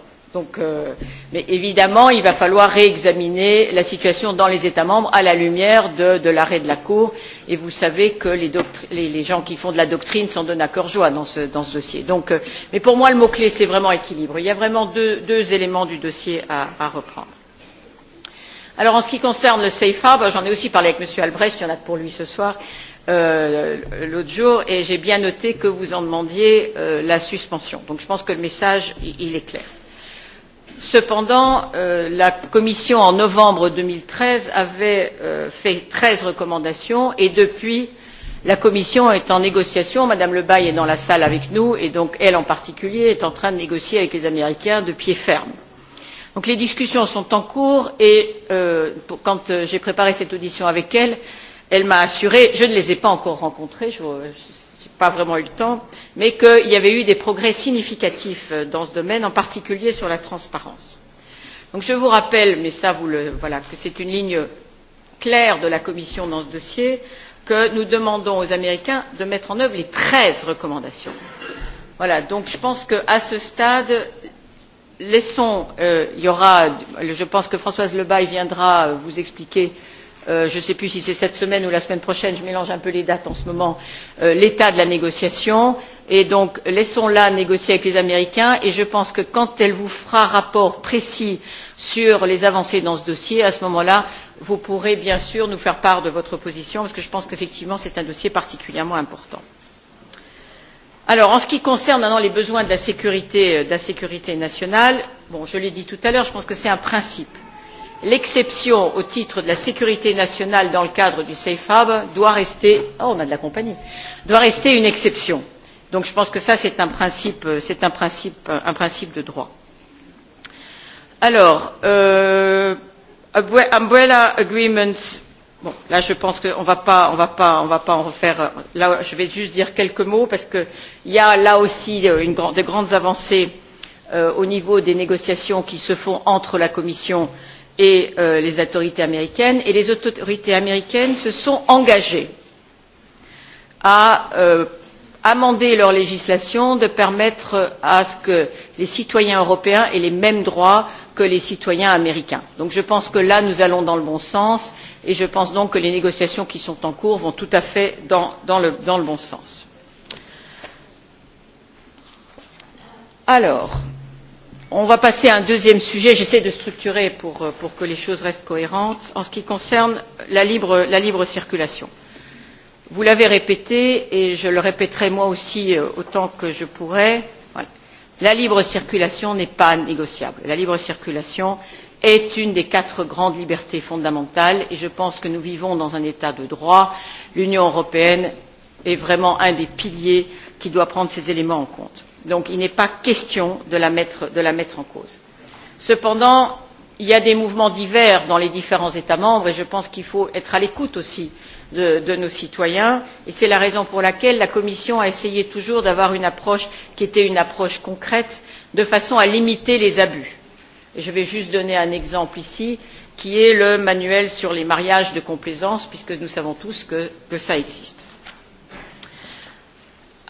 Euh, mais évidemment, il va falloir réexaminer la situation dans les États membres à la lumière de, l'arrêt de la Cour. Et vous savez que les, gens qui font de la doctrine sont de accord joie dans ce, dans ce dossier. Donc, euh, mais pour moi, le mot-clé, c'est vraiment équilibre. Il y a vraiment deux, deux éléments du dossier à, à reprendre. Alors, en ce qui concerne le safe harbour, j'en ai aussi parlé avec M. Albrecht, il y en a pour lui ce soir, euh, l'autre jour, et j'ai bien noté que vous en demandiez euh, la suspension. Donc, je pense que le message, il, il est clair cependant euh, la commission en novembre deux mille treize avait euh, fait treize recommandations et depuis la commission est en négociation mme lebail est dans la salle avec nous et donc elle en particulier est en train de négocier avec les américains de pied ferme. les discussions sont en cours et euh, quand j'ai préparé cette audition avec elle elle m'a assurée je ne les ai pas encore rencontrés je, pas vraiment eu le temps mais qu'il y avait eu des progrès significatifs euh, dans ce domaine en particulier sur la transparence. Donc, je vous rappelle mais ça vous le voilà que c'est une ligne claire de la commission dans ce dossier que nous demandons aux américains de mettre en œuvre les treize recommandations. Voilà, donc je pense qu'à ce stade laissons euh, il y aura je pense que françoise lebaille viendra euh, vous expliquer euh, Euh, je ne sais plus si c'est cette semaine ou la semaine prochaine je mélange un peu les dates en ce moment euh, l'état de la négociation et donc laissons la négocier avec les américains et je pense que quand elle vous fera rapport précis sur les avancées dans ce dossier à ce moment là vous pourrez bien sûr nous faire part de votre position parce que je pense qu'effectivement c'est un dossier particulièrement important. Alors, en ce qui concerne maintenant les besoins de la sécurité, euh, de la sécurité nationale bon, je l'ai dit tout à l'heure je pense que c'est un principe l'exception au titre de la sécurité nationale dans le cadre du safe harbour doit rester oh, on a de la compagnie doit rester une exception. donc je pense que ça c'est un principe euh, c'est un principe euh, un principe de droit. alors euh, umbrella agreements bon là je pense qu'on ne va pas on va pas on va pas en refaire euh, là je vais juste dire quelques mots parce qu'il y a là aussi une, de grandes avancées euh, au niveau des négociations qui se font entre la commission et et euh, les autorités américaines et les autorités américaines se sont engagées à euh, amender leur législation de permettre à ce que les citoyens européens aient les mêmes droits que les citoyens américains. Donc, je pense que là nous allons dans le bon sens et je pense donc que les négociations qui sont en cours vont tout à fait dans le bon sens. alors on va passer à un deuxième sujet j'essaie de structurer euh, pour, que les choses restent cohérentes en ce qui concerne la libre, circulation. vous l'avez répété et je le répéterai moi aussi euh, autant que je pourrai la libre circulation n'est pas négociable. la libre circulation est une des quatre grandes libertés fondamentales et je pense que nous vivons dans un état de droit. l'union européenne est vraiment un des piliers qui doit prendre ces éléments en compte donc il n'est pas question de la, remettre en cause. cependant il y a des mouvements divers dans les différents états membres et je pense qu'il faut être à l'écoute aussi de, de nos citoyens et c'est la raison pour laquelle la commission a essayé toujours d'avoir une approche qui était une approche concrète de façon à limiter les abus. Et je vais juste donner un exemple ici qui est le manuel sur les mariages de complaisance puisque nous savons tous que, que ça existe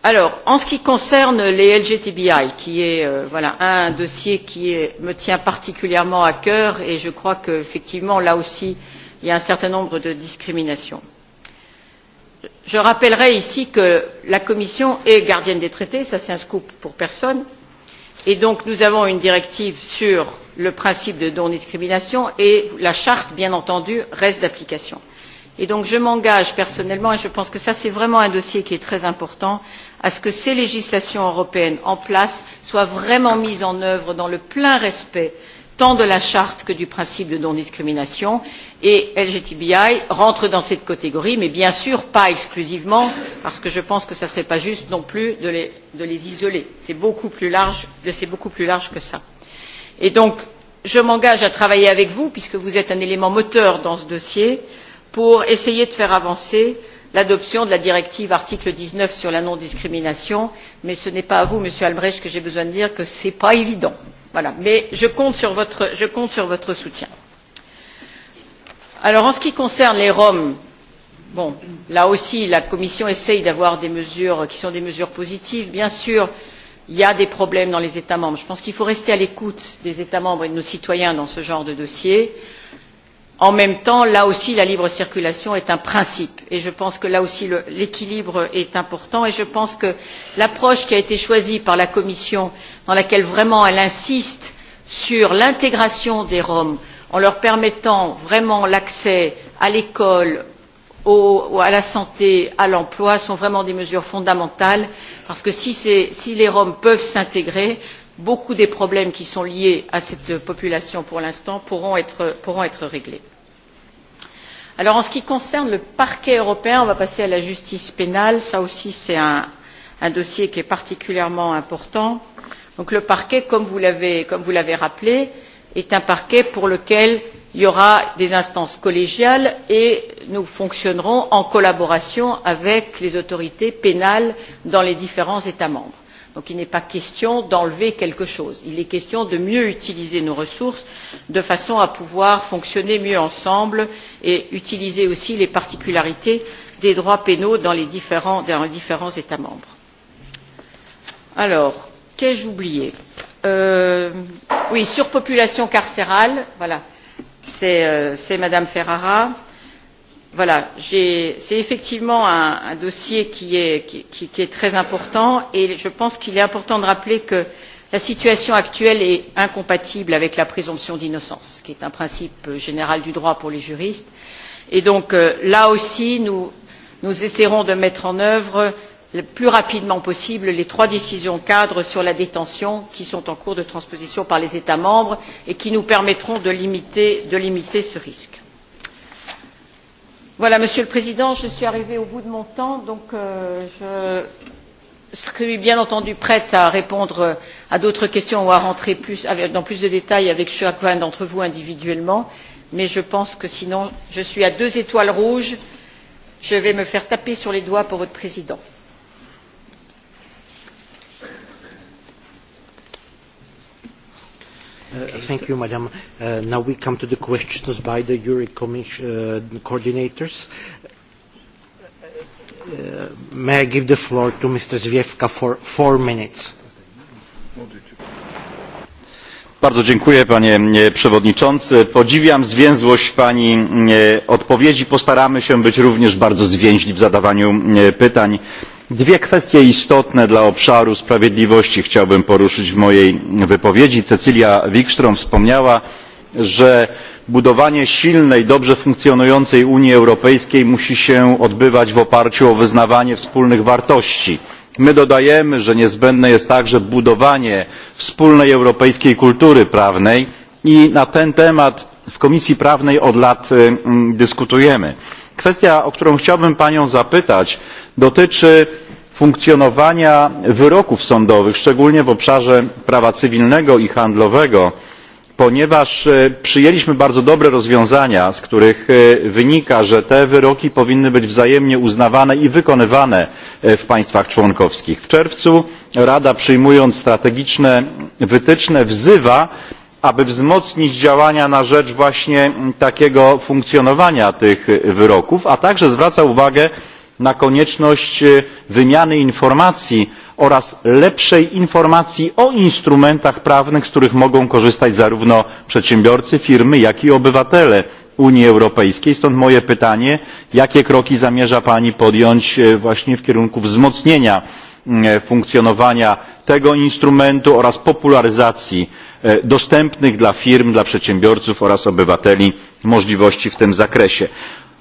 Alors, en ce qui concerne les lgtbi qui est euh, voilà, un dossier qui est, me tient particulièrement à cœur et je crois qu'effectivement là aussi il y a un certain nombre de discriminations je rappellerai ici que la commission est gardienne des traités ça c'est un scoop pour personne et donc nous avons une directive sur le principe de non discrimination et la charte bien entendu reste d'application et donc je m'engage personnellement et je pense que c'est vraiment un dossier qui est très important à ce que ces législations européennes en place soient vraiment mises en œuvre dans le plein respect tant de la charte que du principe de non discrimination et lgtbi rentre dans cette catégorie mais bien sûr pas exclusivement parce que je pense que ce ne serait pas juste non plus de les, de les isoler c'est beaucoup, plus large, beaucoup plus large que ça. et donc je m'engage à travailler avec vous puisque vous êtes un élément moteur dans ce dossier euh, pour essayer de faire avancer l'adoption de la directive article dix neuf sur la non discrimination mais ce n'est pas à vous monsieur albrecht que j'ai besoin de dire que ce n'est pas évident. mais je compte sur votre, soutien. en ce qui concerne les roms là aussi la commission essaie d'avoir des mesures qui sont des mesures positives. bien sûr il y a des problèmes dans les états membres. je pense qu'il faut rester à l'écoute des états membres et de nos citoyens dans ce genre de dossiers en même temps là aussi la libre circulation est un principe et je pense que là aussi l'équilibre est important et je pense que l'approche qui a été choisie par la commission dans laquelle vraiment elle insiste sur l'intégration des roms en leur permettant vraiment l'accès à l'école à la santé à l'emploi sont vraiment des mesures fondamentales parce que si, si les roms peuvent s'intégrer beaucoup des problèmes qui sont liés à cette population pour l'instant pourront être, réglés. en ce qui concerne le parquet européen on va passer à la justice pénale là aussi c'est un, dossier qui est particulièrement important. le parquet comme vous l'avez rappelé est un parquet pour lequel il y aura des instances collégiales et nous fonctionnerons en collaboration avec les autorités pénales dans les différents états membres donc il n'est pas question d'enlever quelque chose il est question de mieux utiliser nos ressources de façon à pouvoir fonctionner mieux ensemble et utiliser aussi les particularités des droits pénaux dans les différents, dans les différents états membres. alors qu'ai je oublié? Euh, oui surpopulation carcérale voilà c'est euh, mme ferrara voilà c'est effectivement un, un dossier qui est, qui, qui, est très important et je pense qu'il est important de rappeler que la situation actuelle est incompatible avec la présomption d'innocence qui est un principe général du droit pour les juristes et donc euh, là aussi nous, nous essaierons de mettre en œuvre le plus rapidement possible les trois décisions cadres sur la détention qui sont en cours de transposition par les états membres et qui nous permettront de limiter, de limiter ce risque Voilà, monsieur le président je suis arrivée au bout de mon temps donc euh, je suis bien entendu prête à répondre à d'autres questions ou à rentrer plus, avec, dans plus de détails avec chacun d'entre vous individuellement mais je pense que sinon je suis à deux étoiles rouges je vais me faire taper sur les doigts pour votre président. Uh, thank you, Madam. Uh, now we come to the questions by the Jury Commission uh, coordinators. Uh, may I give the floor to Mr. Zwiewka for four minutes? Bardzo dziękuję, panie e, przewodniczący. Podziwiam zwięzłość pani e, odpowiedzi. Postaramy się być również bardzo zwięźli w zadawaniu e, pytań dwie kwestie istotne dla obszaru sprawiedliwości chciałbym poruszyć w mojej wypowiedzi. cecilia wikstrm wspomniała że budowanie silnej dobrze funkcjonującej unii europejskiej musi się odbywać w oparciu o wyznawanie wspólnych wartości. my dodajemy że niezbędne jest także budowanie wspólnej europejskiej kultury prawnej i na ten temat w komisji prawnej od lat mm, dyskutujemy. kwestia o którą chciałbym panią zapytać dotyczy funkcjonowania wyroków sądowych szczególnie w obszarze prawa cywilnego i handlowego ponieważ e, przyjęliśmy bardzo dobre rozwiązania z których e, wynika że te wyroki powinny być wzajemnie uznawane i wykonywane e, w państwach członkowskich. w czerwcu rada przyjmując strategiczne wytyczne wzywa aby wzmocnić działania na rzecz właśnie takiego funkcjonowania tych wyroków a także zwraca uwagę na konieczność e, wymiany informacji oraz lepszej informacji o instrumentach prawnych z których mogą korzystać zarówno przedsiębiorcy firmy jak i obywatele unii europejskiej stąd moje pytanie jakie kroki zamierza pani podjąć e, właśnie w kierunku wzmocnienia e, funkcjonowania tego instrumentu oraz popularyzacji dostępnych dla firm dla przedsiębiorców oraz obywateli możliwości w tym zakresie?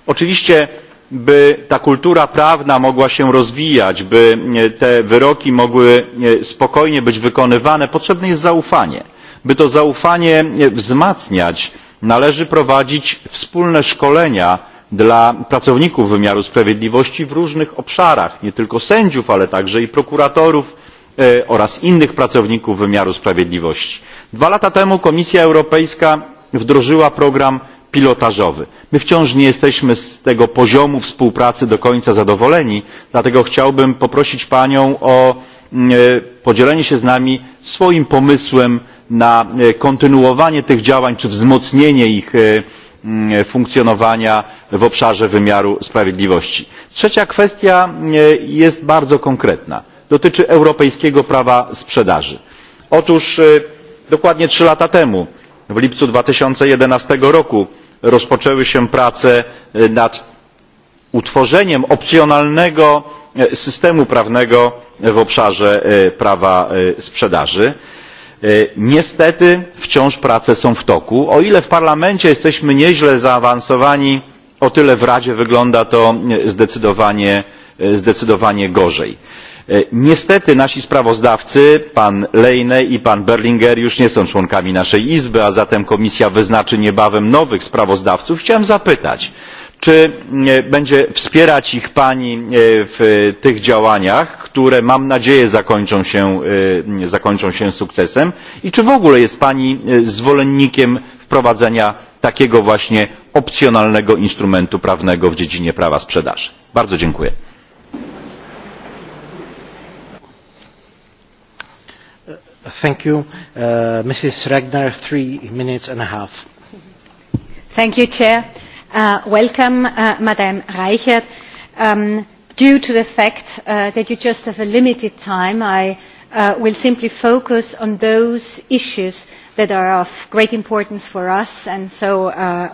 oczywiście by ta kultura prawna mogła się rozwijać by e, te wyroki mogły e, spokojnie być wykonywane potrzebne jest zaufanie. by to zaufanie e, wzmacniać należy prowadzić wspólne szkolenia dla pracowników wymiaru sprawiedliwości w różnych obszarach nie tylko sędziów ale także i prokuratorów oraz innych pracowników wymiaru sprawiedliwości. dwa lata temu komisja europejska wdrożyła program pilotażowy. my wciąż nie jesteśmy z tego poziomu współpracy do końca zadowoleni dlatego chciałbym poprosić panią o mm, e, podzielenie się z nami swoim pomysłem na e, kontynuowanie tych działań czy wzmocnienie ich e, mm, funkcjonowania w obszarze wymiaru sprawiedliwości. trzecia kwestia jest bardzo konkretna dotyczy europejskiego prawa sprzedaży. otóż dokładnie trzy lata temu w lipcu dwa tysiące jedenaście roku rozpoczęły się prace e, nad utworzeniem opcjonalnego e, systemu prawnego w obszarze e, prawa sprzedaży. niestety wciąż prace są w toku. o ile w parlamencie jesteśmy nieźle zaawansowani o tyle w radzie wygląda to zdecydowanie, zdecydowanie gorzej E, niestety nasi sprawozdawcy pan lehne i pan berlinguer już nie są członkami naszej izby a zatem komisja wyznaczy niebawem nowych sprawozdawców. chciałem zapytać czy e, będzie wspierać ich pani e, w tych działaniach które mam nadzieję zakończą się, zakończą się sukcesem i czy w ogóle jest pani zwolennikiem wprowadzenia takiego właśnie opcjonalnego instrumentu prawnego w dziedzinie prawa sprzedaży? bardzo dziękuję. Uh, uh, welcome, uh, Madame um, due to the fact uh, that you just have a limited time, I will simply focus on those issues that are of great importance for us, and so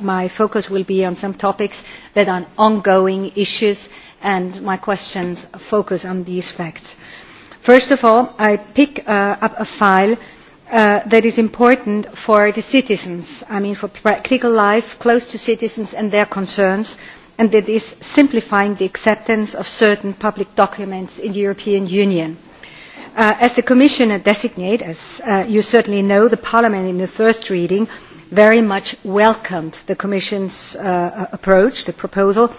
my focus will be on some topics that are ongoing issues, and my questions focus on these facts first of all i pick uh, up a file uh, that is important for the citizens i mean for practical life close to citizens and their concerns and that is simplifying the acceptance of certain public documents in the european union. Uh, as the commissioner designate as you certainly know parliament in the first reading very much welcomed the commission's approach the proposal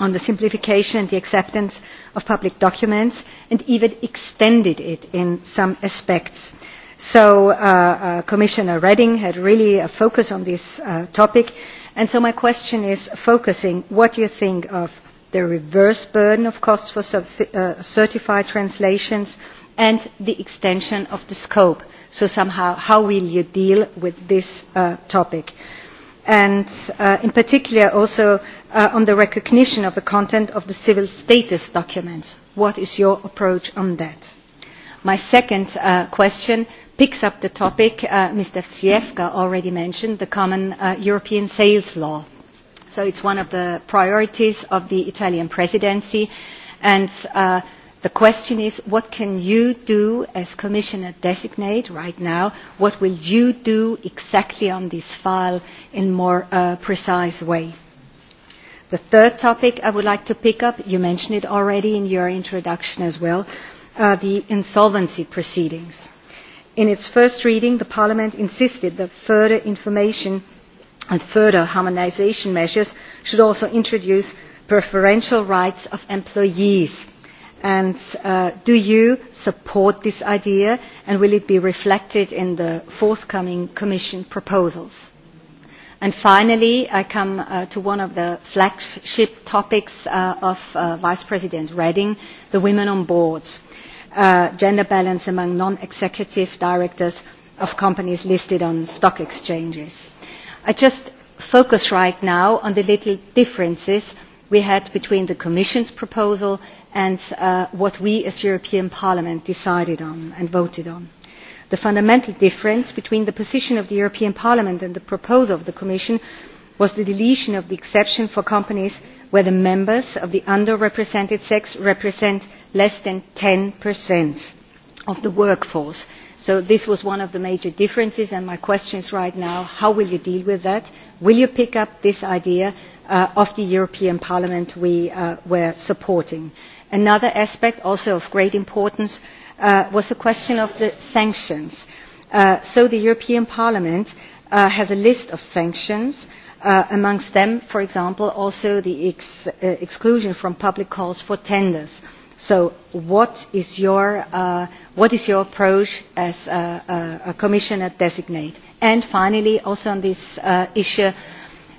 on the simplification and the acceptance of public documents and even extended it in some aspects. So uh, uh, Commissioner Reding had really a focus on this uh, topic. And so my question is focusing, what do you think of the reverse burden of costs for uh, certified translations and the extension of the scope? So somehow, how will you deal with this uh, topic? and uh, in particular also uh, on the recognition of the content of the civil status documents. What is your approach on that? My second uh, question picks up the topic uh, Mr. Tsiefka already mentioned, the common uh, European sales law. So it's one of the priorities of the Italian presidency and uh, the question is what can you do as commissioner designate right now what will you do exactly on this file in a more uh, precise way? the third topic i would like to pick up you mentioned it already in your introduction as well uh, the insolvency proceedings. in its first reading the parliament insisted that further information and further harmonisation measures should also introduce preferential rights of employees and uh, do you support this idea and will it be reflected in the forthcoming commission proposals? And finally, I come uh, to one of the flagship topics uh, of Vice President Reding: the women on boards, gender balance among non-executive directors of companies listed on stock exchanges. I just focus right now on the little differences we had between the Commission's proposal and uh, what we as the European Parliament decided on and voted on. The fundamental difference between the position of the European Parliament and the proposal of the Commission was the deletion of the exception for companies where the members of the under represented sex represent less than ten of the workforce. So this was one of the major differences and my question is right now, how will you deal with that? Will you pick up this idea Uh, of the European Parliament we uh, were supporting. Another aspect also of great importance uh, was the question of the sanctions. so the European Parliament has a list of sanctions, amongst them, for example, also the exclusion from public calls for tenders. So what is your, approach as a, commissioner designate? And finally, also on this issue,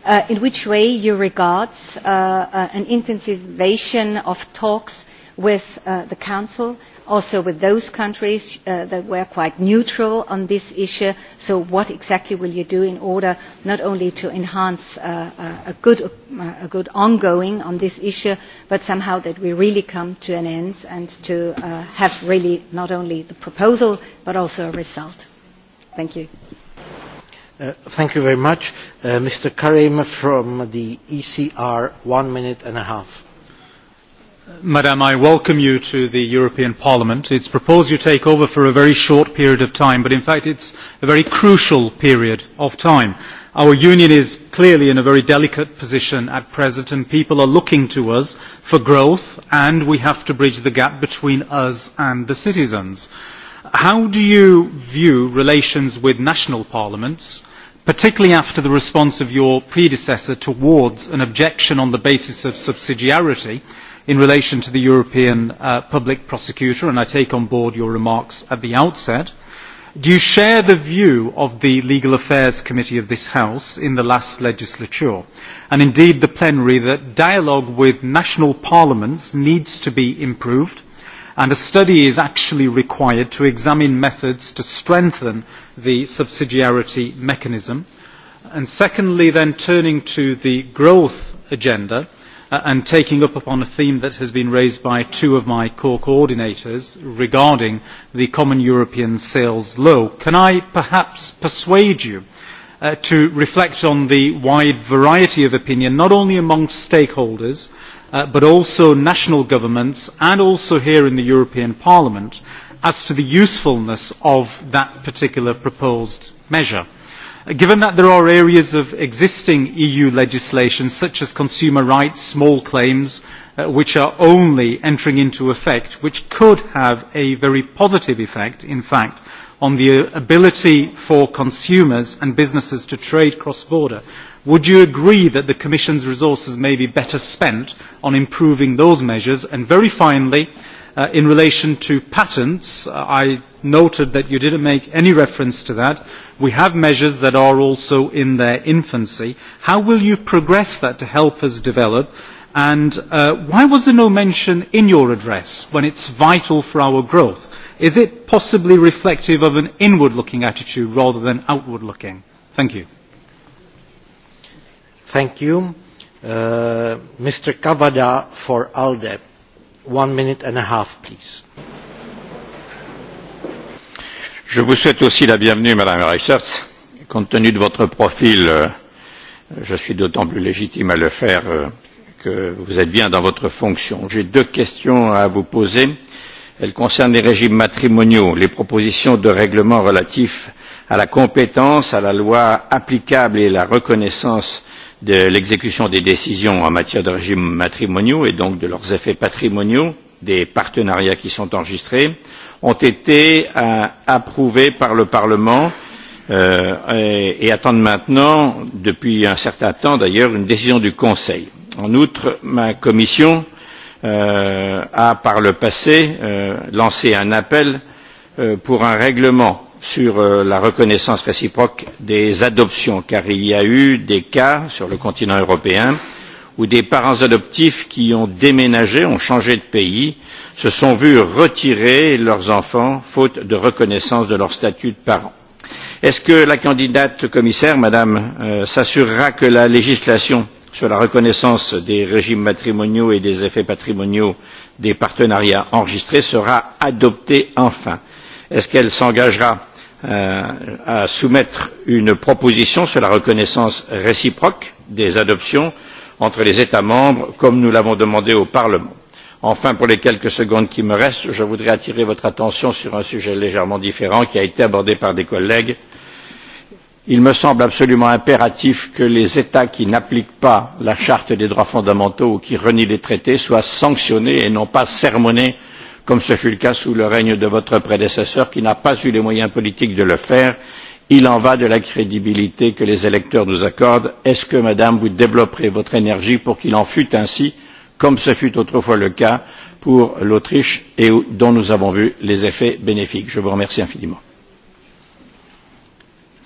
Uh, in which way you regard uh, uh, an intensification of talks with uh, the council also with those countries uh, that were quite neutral on this issue so what exactly will you do in order not only to enhance a good, a good ongoing on this issue but somehow that we really come to an end and to have really not only the proposal but also a result? thank you. Madam, I welcome you to the European Parliament. it is proposed you take over for a very short period of time, but in fact it is a very crucial period of time. Our union is clearly in a very delicate position at present and people are looking to us for growth and we have to bridge the gap between us and the citizens. How do you view relations with national parliaments? particularly after the response of your predecessor towards an objection on the basis of subsidiarity in relation to the European uh, Public Prosecutor, and I take on board your remarks at the outset. Do you share the view of the Legal Affairs Committee of this House in the last legislature, and indeed the plenary, that dialogue with national parliaments needs to be improved and a study is actually required to examine methods to strengthen the subsidiarity mechanism. And secondly, then turning to the growth agenda uh, and taking up upon a theme that has been raised by two of my co-coordinators regarding the common European sales low, can I perhaps persuade you uh, to reflect on the wide variety of opinion, not only among stakeholders, Uh, but also national governments and also here in the European Parliament as to the usefulness of that particular proposed measure. Uh, given that there are areas of existing EU legislation such as consumer rights, small claims, uh, which are only entering into effect, which could have a very positive effect, in fact, on the ability for consumers and businesses to trade cross-border, Would you agree that the Commission's resources may be better spent on improving those measures? And very finally, uh, in relation to patents, uh, I noted that you didn't make any reference to that. We have measures that are also in their infancy. How will you progress that to help us develop? And uh, why was there no mention in your address when it's vital for our growth? Is it possibly reflective of an inward-looking attitude rather than outward-looking? Thank you. Je vous souhaite aussi la bienvenue, Madame Reichertz. Compte tenu de votre profil, euh, je suis d'autant plus légitime à le faire euh, que vous êtes bien dans votre fonction. J'ai deux questions à vous poser. Elles concernent les régimes matrimoniaux, les propositions de règlement relatifs à la compétence, à la loi applicable et à la reconnaissance de l'exécution des décisions en matière de régimes matrimoniaux et donc de leurs effets patrimoniaux des partenariats qui sont enregistrés ont été euh, approuvés par le Parlement euh, et, et attendent maintenant, depuis un certain temps d'ailleurs, une décision du Conseil. En outre, ma commission euh, a par le passé euh, lancé un appel euh, pour un règlement sur euh, la reconnaissance réciproque des adoptions, car il y a eu des cas sur le continent européen où des parents adoptifs qui ont déménagé, ont changé de pays, se sont vus retirer leurs enfants faute de reconnaissance de leur statut de parent. Est-ce que la candidate commissaire, Madame, euh, s'assurera que la législation sur la reconnaissance des régimes matrimoniaux et des effets patrimoniaux des partenariats enregistrés sera adoptée enfin Est-ce qu'elle s'engagera Euh, à soumettre une proposition sur la reconnaissance réciproque des adoptions entre les états membres comme nous l'avons demandé au parlement. enfin pour les quelques secondes qui me restent je voudrais attirer votre attention sur un sujet légèrement différent qui a été abordé par des collègues. il me semble absolument impératif que les états qui n'appliquent pas la charte des droits fondamentaux ou qui renient les traités soient sanctionnés et non pas sermonnés comme ce fut le cas sous le règne de votre prédécesseur qui n'a pas eu les moyens politiques de le faire. il en va de la crédibilité que les électeurs nous accordent. est ce que madame vous développerez votre énergie pour qu'il en fût ainsi comme ce fut autrefois le cas pour l'autriche dont nous avons vu les effets bénéfiques? je vous remercie infiniment.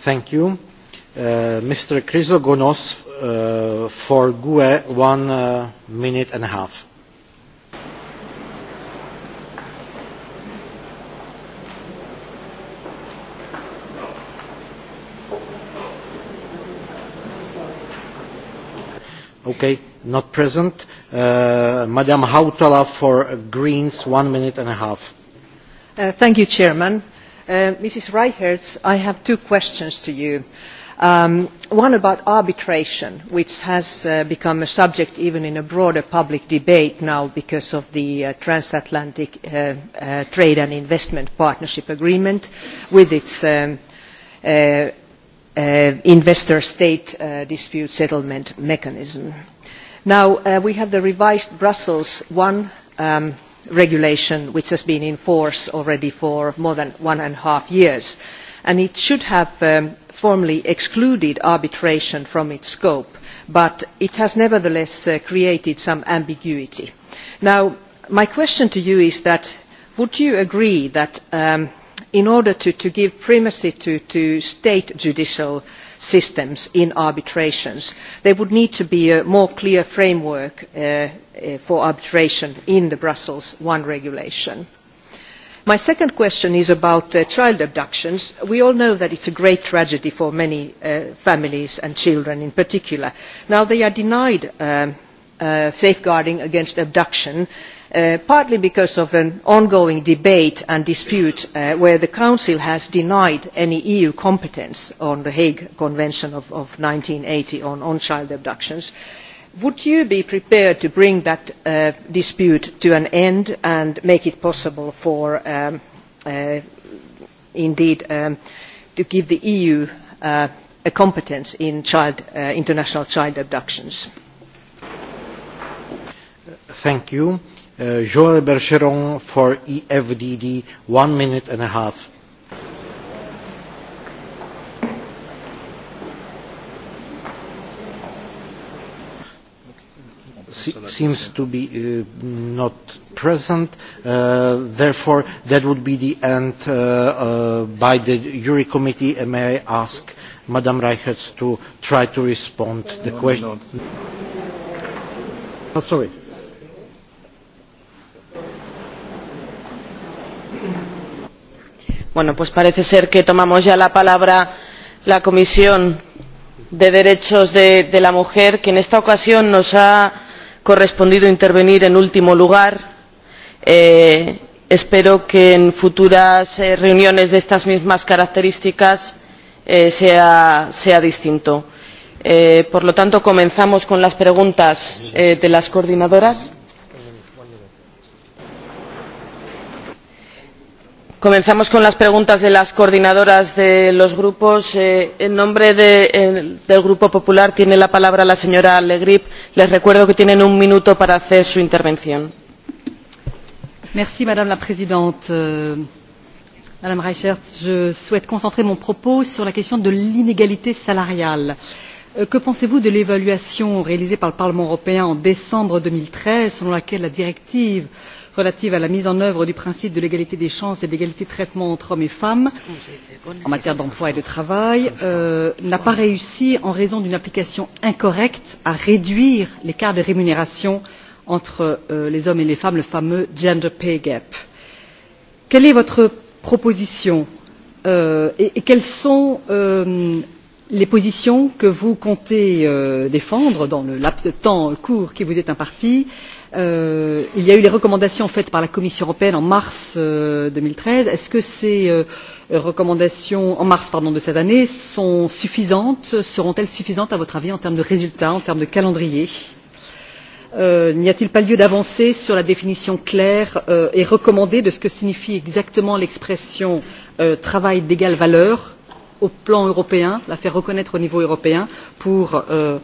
Thank you. Uh, Mr. Chrysogonos uh, for GUE one uh, minute and a half. Okay, not present. Uh, Madam Hautala for Greens, one minute and a half. Uh, thank you, Chairman. Uh, Mrs. Reichertz, I have two questions to you. Um, one about arbitration, which has uh, become a subject even in a broader public debate now because of the uh, transatlantic uh, uh, trade and investment partnership agreement with its um, uh, Uh, investor state uh, dispute settlement mechanism. now uh, we have the revised brussels i um, regulation which has been in force already for more than one and a half years and it should have um, formally excluded arbitration from its scope but it has nevertheless created some ambiguity. Now, my question to you is would you agree that um, in order to, give primacy to, state judicial systems in arbitrations. there would need to be a more clear framework uh, uh, for arbitration in the brussels i regulation. my second question is about uh, child abductions. we all know that it is a great tragedy for many families and children in particular. now they are denied um, safeguarding against abduction and Uh, partly because of an ongoing debate and dispute uh, where the council has denied any eu competence on the hague convention of one thousand nine hundred and eighty on child abductions would you be prepared to bring that uh, dispute to an end and make it possible for um, indeed um, to give the eu a competence in international child abductions? thank you. Uh, Joël Bergeron for EFDD, one minute and a half. seems to be uh, not present. Uh, therefore, that would be the end uh, uh, by the jury committee. And may I ask Madam Reichertz to try to respond to no, the no, question? No, no. Oh, sorry. Bueno, pues parece ser que tomamos ya la palabra la Comisión de Derechos de, de la Mujer, que en esta ocasión nos ha correspondido intervenir en último lugar. Eh, espero que en futuras eh, reuniones de estas mismas características eh, sea, sea distinto. Eh, por lo tanto, comenzamos con las preguntas eh, de las coordinadoras. comenzamos con las preguntas de las coordinadoras de los grupos. Eh, en nombre eh, del grupo popular tiene la palabra la señora le grip. les recuerdo que tienen un minuto para hacer su intervención. madame la présidente euh, madame reicherts je souhaite concentrer mon propos sur la question de l'inégalité salariale. Euh, que pensez vous de l'évaluation réalisée par le parlement européen en décembre deux mille treize selon laquelle la directive relative à la mise en œuvre du principe de l'égalité des chances et de l'égalité de traitement entre hommes et femmes en matière d'emploi et de travail euh, n'a pas réussi en raison d'une application incorrecte à réduire l'écart de rémunération entre euh, les hommes et les femmes le fameux gender pay gap. quelle est votre proposition euh, et, et quelles sont euh, les positions que vous comptez euh, défendre dans le laps de temps court qui vous est imparti et euh, il y a eu les recommandations faites par la Commission européenne en mars euh, 2013. Est-ce que ces euh, recommandations, en mars pardon, de cette année, sont suffisantes Seront-elles suffisantes à votre avis en termes de résultats, en termes de calendrier euh, N'y a-t-il pas lieu d'avancer sur la définition claire euh, et recommandée de ce que signifie exactement l'expression euh, travail d'égale valeur au plan européen, la faire reconnaître au niveau européen pour euh,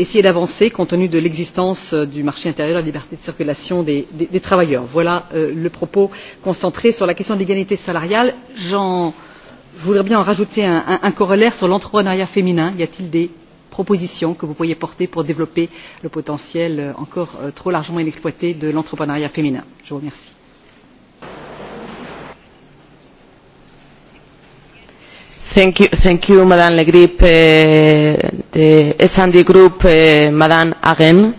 essayer d'avancer compte tenu de l'existence euh, du marché intérieur et de la liberté de circulation des, des, des travailleurs. voilà euh, le propos concentré sur la question de l'égalité salariale. je voudrais bien en rajouter un, un, un corollaire sur l'entrepreneuriat féminin. y a t il des propositions que vous pourriez porter pour développer le potentiel euh, encore euh, trop largement inexploité de l'entrepreneuriat féminin? je vous remercie. Thank you, thank you, Madame Le Grip. Uh, eh, the S&D Group, uh, Madame Hagen.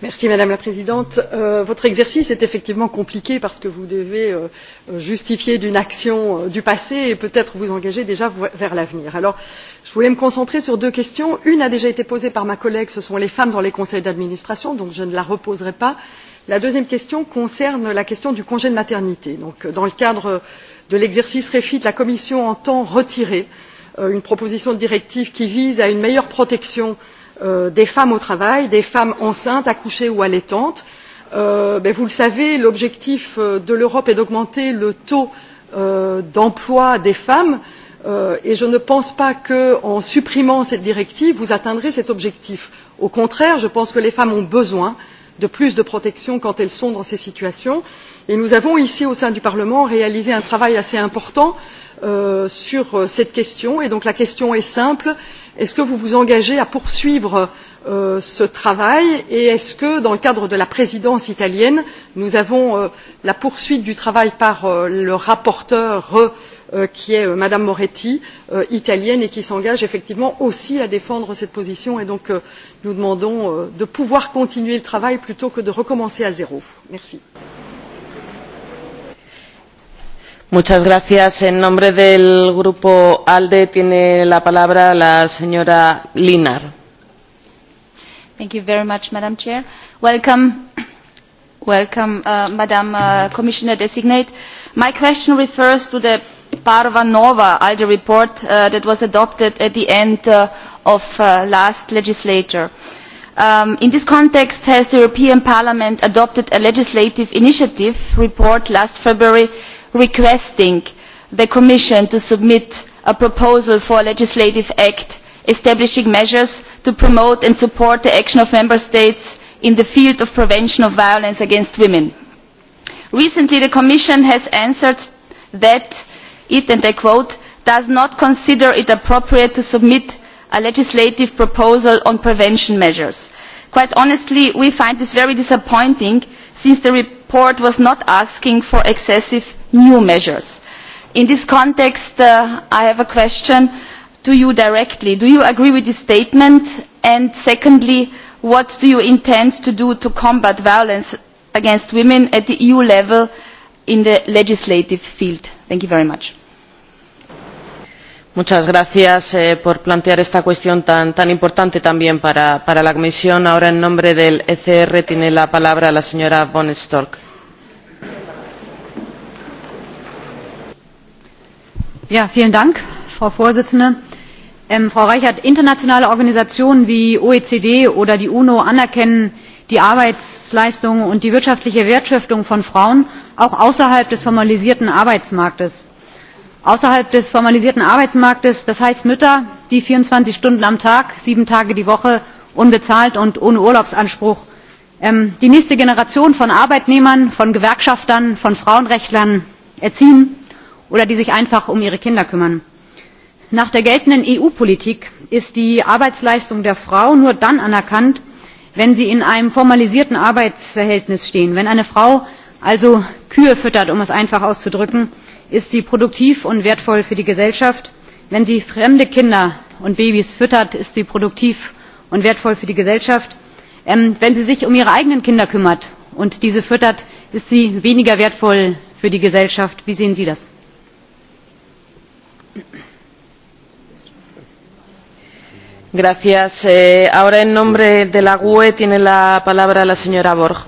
Merci, Madame la Présidente. Euh, votre exercice est effectivement compliqué parce que vous devez euh, euh justifier d'une action euh, du passé et peut-être vous engager déjà vers l'avenir. Alors, je voulais me concentrer sur deux questions. Une a déjà été posée par ma collègue, ce sont les femmes dans les conseils d'administration, donc je ne la reposerai pas. La deuxième question concerne la question du congé de maternité. Donc, euh, dans le cadre euh, de l'exercice refit la commission entend retirer euh, une proposition de directive qui vise à une meilleure protection euh, des femmes au travail des femmes enceintes accouchées ou allaitantes. mais euh, vous le savez l'objectif de l'europe est d'augmenter le taux d'emploi des femmes et je ne pense pas qu'en supprimant cette directive vous atteindrez cet objectif. au contraire je pense que les femmes ont besoin de plus de protection quand elles sont dans ces situations et nous avons ici au sein du parlement réalisé un travail assez important euh, sur euh, cette question et donc la question est simple est ce que vous vous engagez à poursuivre euh, ce travail et est ce que dans le cadre de la présidence italienne nous avons la poursuite du travail par le rapporteur qui est mme moretti italienne et qui s'engage effectivement aussi à défendre cette position et donc nous demandons de pouvoir continuer le travail plutôt que de recommencer à zéro. merci. Muchas gracias. En nombre del grupo ALDE tiene la palabra la señora Linar. Thank you very much, Madam Chair. Welcome, welcome, uh, Madam uh, Commissioner Designate. My question refers to the Parva Nova ALDE report uh, that was adopted at the end uh, of uh, last legislature. Um, in this context has the European Parliament adopted a legislative initiative report last February requesting the Commission to submit a proposal for a legislative act establishing measures to promote and support the action of Member States in the field of prevention of violence against women. Recently, the Commission has answered that it, and I quote, does not consider it appropriate to submit a legislative proposal on prevention measures. Quite honestly, we find this very disappointing since the report was not asking for excessive new measures. in this context uh, i have a question to you directly do you agree with this statement and secondly what do you intend to do to combat violence against women at the eu level in the legislative field? thank you very much. Muchas gracias eh, por plantear esta cuestión tan, tan importante también para, para la Comisión. Ahora, en nombre del ECR, tiene la palabra la señora Von Stork. Frau präsidentin! Ähm, Frau Reichert, internationale Organisationen wie die OECD oder die UNO anerkennen die Arbeitsleistung und die wirtschaftliche Wertschöpfung von Frauen auch außerhalb des formalisierten Arbeitsmarktes. Außerhalb des formalisierten Arbeitsmarktes, das heißt Mütter, die vierundzwanzig Stunden am Tag, sieben Tage die Woche unbezahlt und ohne Urlaubsanspruch ähm, die nächste generation von arbeitnehmern von gewerkschaftern von frauenrechtlern erziehen oder die sich einfach um ihre kinder kümmern. nach der geltenden eu politik ist die arbeitsleistung der frau nur dann anerkannt wenn sie in einem formalisierten arbeitsverhältnis stehen. wenn eine frau also kühe füttert um es einfach auszudrücken ist sie produktiv und wertvoll für die gesellschaft. wenn sie fremde kinder und babys füttert ist sie produktiv und wertvoll für die gesellschaft. Ähm, wenn sie sich um ihre eigenen kinder kümmert und diese füttert ist sie weniger wertvoll für die gesellschaft. wie sehen sie das? Gracias. Eh, ahora en nombre de la GUE tiene la palabra la señora Borg.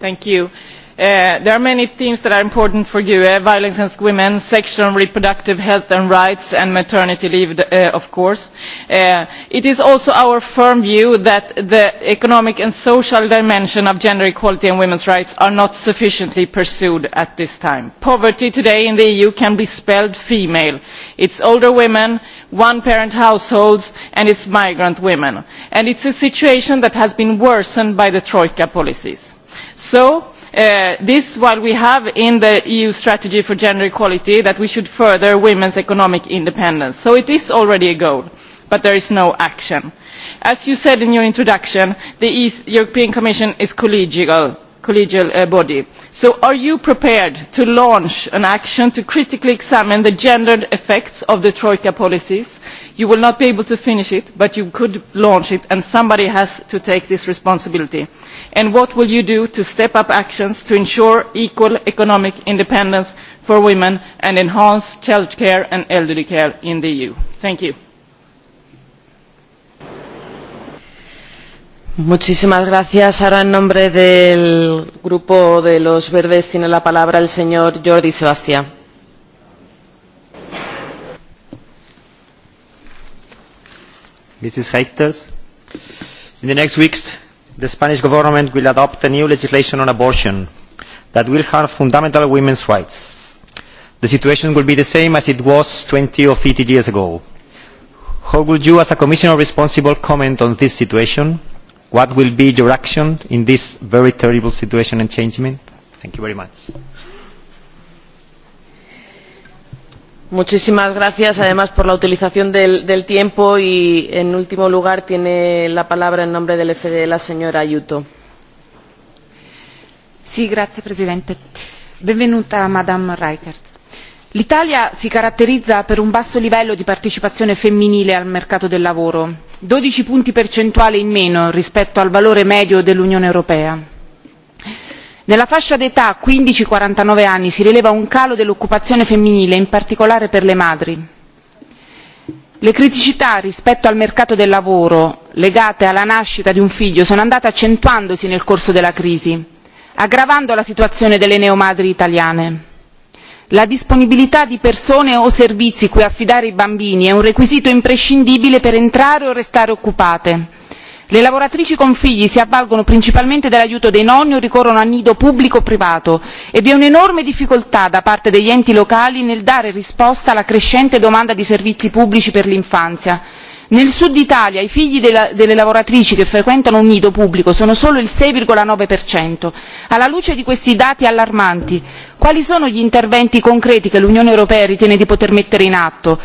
Thank you. Uh, there are many themes that are important for you uh, e, violence against women sexual and reproductive health and rights and maternity leave uh, of course. Uh, it is also our firm view that the economic and social dimension of gender equality and women's rights are not sufficiently pursued at this time. poverty today in the eu can be spelled female' it is older women one parent households and it is migrant women and it is a situation that has been worsened by the troika policies. so uh, while we have in the eu strategy for gender equality that we should further women's economic independence. so it is already a goal but there is no action. as you said in your introduction the european commission is collegial collegial eh, body. so are you prepared to launch an action to critically examine the gendered effects of the troika policies? you will not be able to finish it but you could launch it and somebody has to take this responsibility. and what will you do to step up actions to ensure equal economic independence for women and enhance childcare and elderly care in the eu? Muchísimas gracias. Ahora en nombre del Grupo de los Verdes tiene la palabra el señor Jordi Sebastián. Mrs. Reichters, in the next weeks, the Spanish government will adopt a new legislation on abortion that will harm fundamental women's rights. The situation will be the same as it was 20 or 30 years ago. How would you, as a commissioner responsible, comment on this situation? what will be your action in this very terrible situation and changement? Thank you very much. Muchísimas gracias, además, por la utilización del, del tiempo y, en último lugar, tiene la palabra en nombre del FDE la señora Ayuto. Sí, gracias, Presidente. Bienvenida, Madame Reichert l'italia si caratterizza per un basso livello di partecipazione femminile al mercato del lavoro dodici punti percentuali in meno rispetto al valore medio dell'unione europea. nella fascia d'età quindici quarantanove anni si rileva un calo dell'occupazione femminile in particolare per le madri. le criticità rispetto al mercato del lavoro legate alla nascita di un figlio sono andate accentuandosi nel corso della crisi aggravando la situazione delle neomadri italiane la disponibilità di persone o servizi cui affidare i bambini è un requisito imprescindibile per entrare o restare occupate. le lavoratrici con figli si avvalgono principalmente dell'aiuto dei nonni o ricorrono a nido pubblico o privato e vi è un'enorme difficoltà da parte degli enti locali nel dare risposta alla crescente domanda di servizi pubblici per l'infanzia nel sud italia i figli delle lavoratrici che frequentano un nido pubblico sono solo il sei nove alla luce di questi dati allarmanti quali sono gli interventi concreti che l'unione europea ritiene di poter mettere in atto?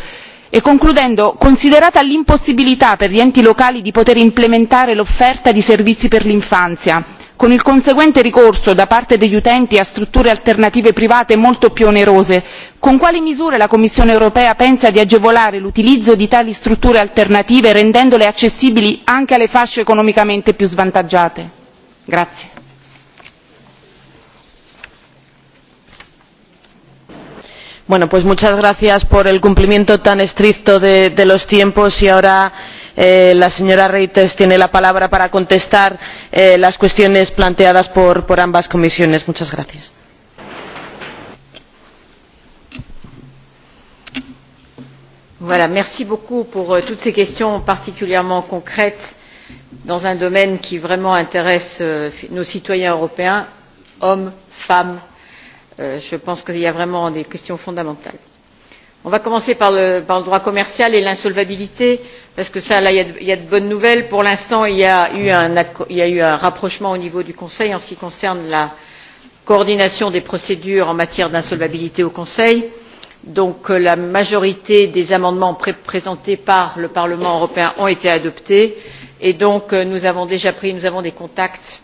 e concludendo considerata l'impossibilità per gli enti locali di poter implementare l'offerta di servizi per l'infanzia con il conseguente ricorso da parte degli utenti a strutture alternative private molto più onerose con quali misure la commissione europea pensa di agevolare l'utilizzo di tali strutture alternative rendendole accessibili anche alle fasce economicamente più svantaggiate? bueno pues muchas gracias por el cumplimiento tan estricto de los tiempos y ahora Eh, la señora Reiters tiene la palabra para contestar eh, las cuestiones planteadas por, ambas comisiones. merci beaucoup pour euh, toutes ces questions particulièrement concrètes dans un domaine qui vraiment intéresse euh, nos citoyens européens hommes femmes euh, je pense qu'il y a vraiment des questions fondamentales on va commencer par le, droit commercial et l'insolvabilité parce que là il y, a de, bonnes nouvelles pour l'instant il y a eu un rapprochement au niveau du conseil en ce qui concerne la coordination des procédures en matière d'insolvabilité au conseil donc euh, la majorité des amendements présentés par le parlement européen ont été adoptés et donc euh, nous avons déjà pris nous avons des contacts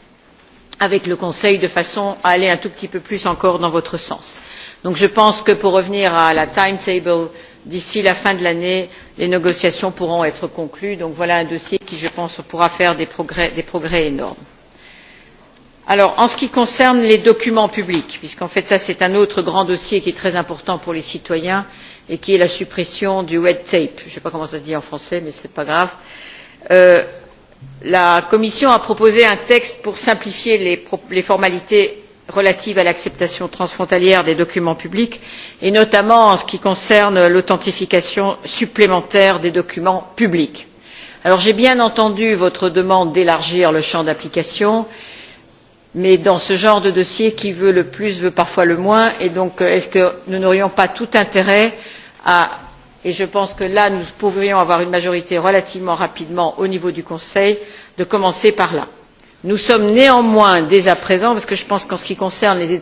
avec le conseil de façon à aller un tout petit peu plus encore dans votre sens donc je pense que pour revenir à la timetable d'ici la fin de l'année les négociations pourront être conclues donc voilà un dossier qui je pense pourra faire des progrès, énormes. Alors, en ce qui concerne les documents publics puisqu'en fait c'est un autre grand dossier qui est très important pour les citoyens et qui est la suppression du red tape je ne sais pas comment ça se dit en français mais ce n'est pas grave euh, la commission a proposé un texte pour simplifier les, les formalités relative à l'acceptation transfrontalière des documents publics et notamment en ce qui concerne l'authentification supplémentaire des documents publics. j'ai bien entendu votre demande d'élargir le champ d'application mais dans ce genre de dossier qui veut le plus veut parfois le moins et donc euh, est ce que nous n'aurions pas tout intérêt à et je pense que là nous pourrions avoir une majorité relativement rapidement au niveau du conseil de commencer par là nous sommes néanmoins dès à présent parce que je pense qu'en ce qui concerne les,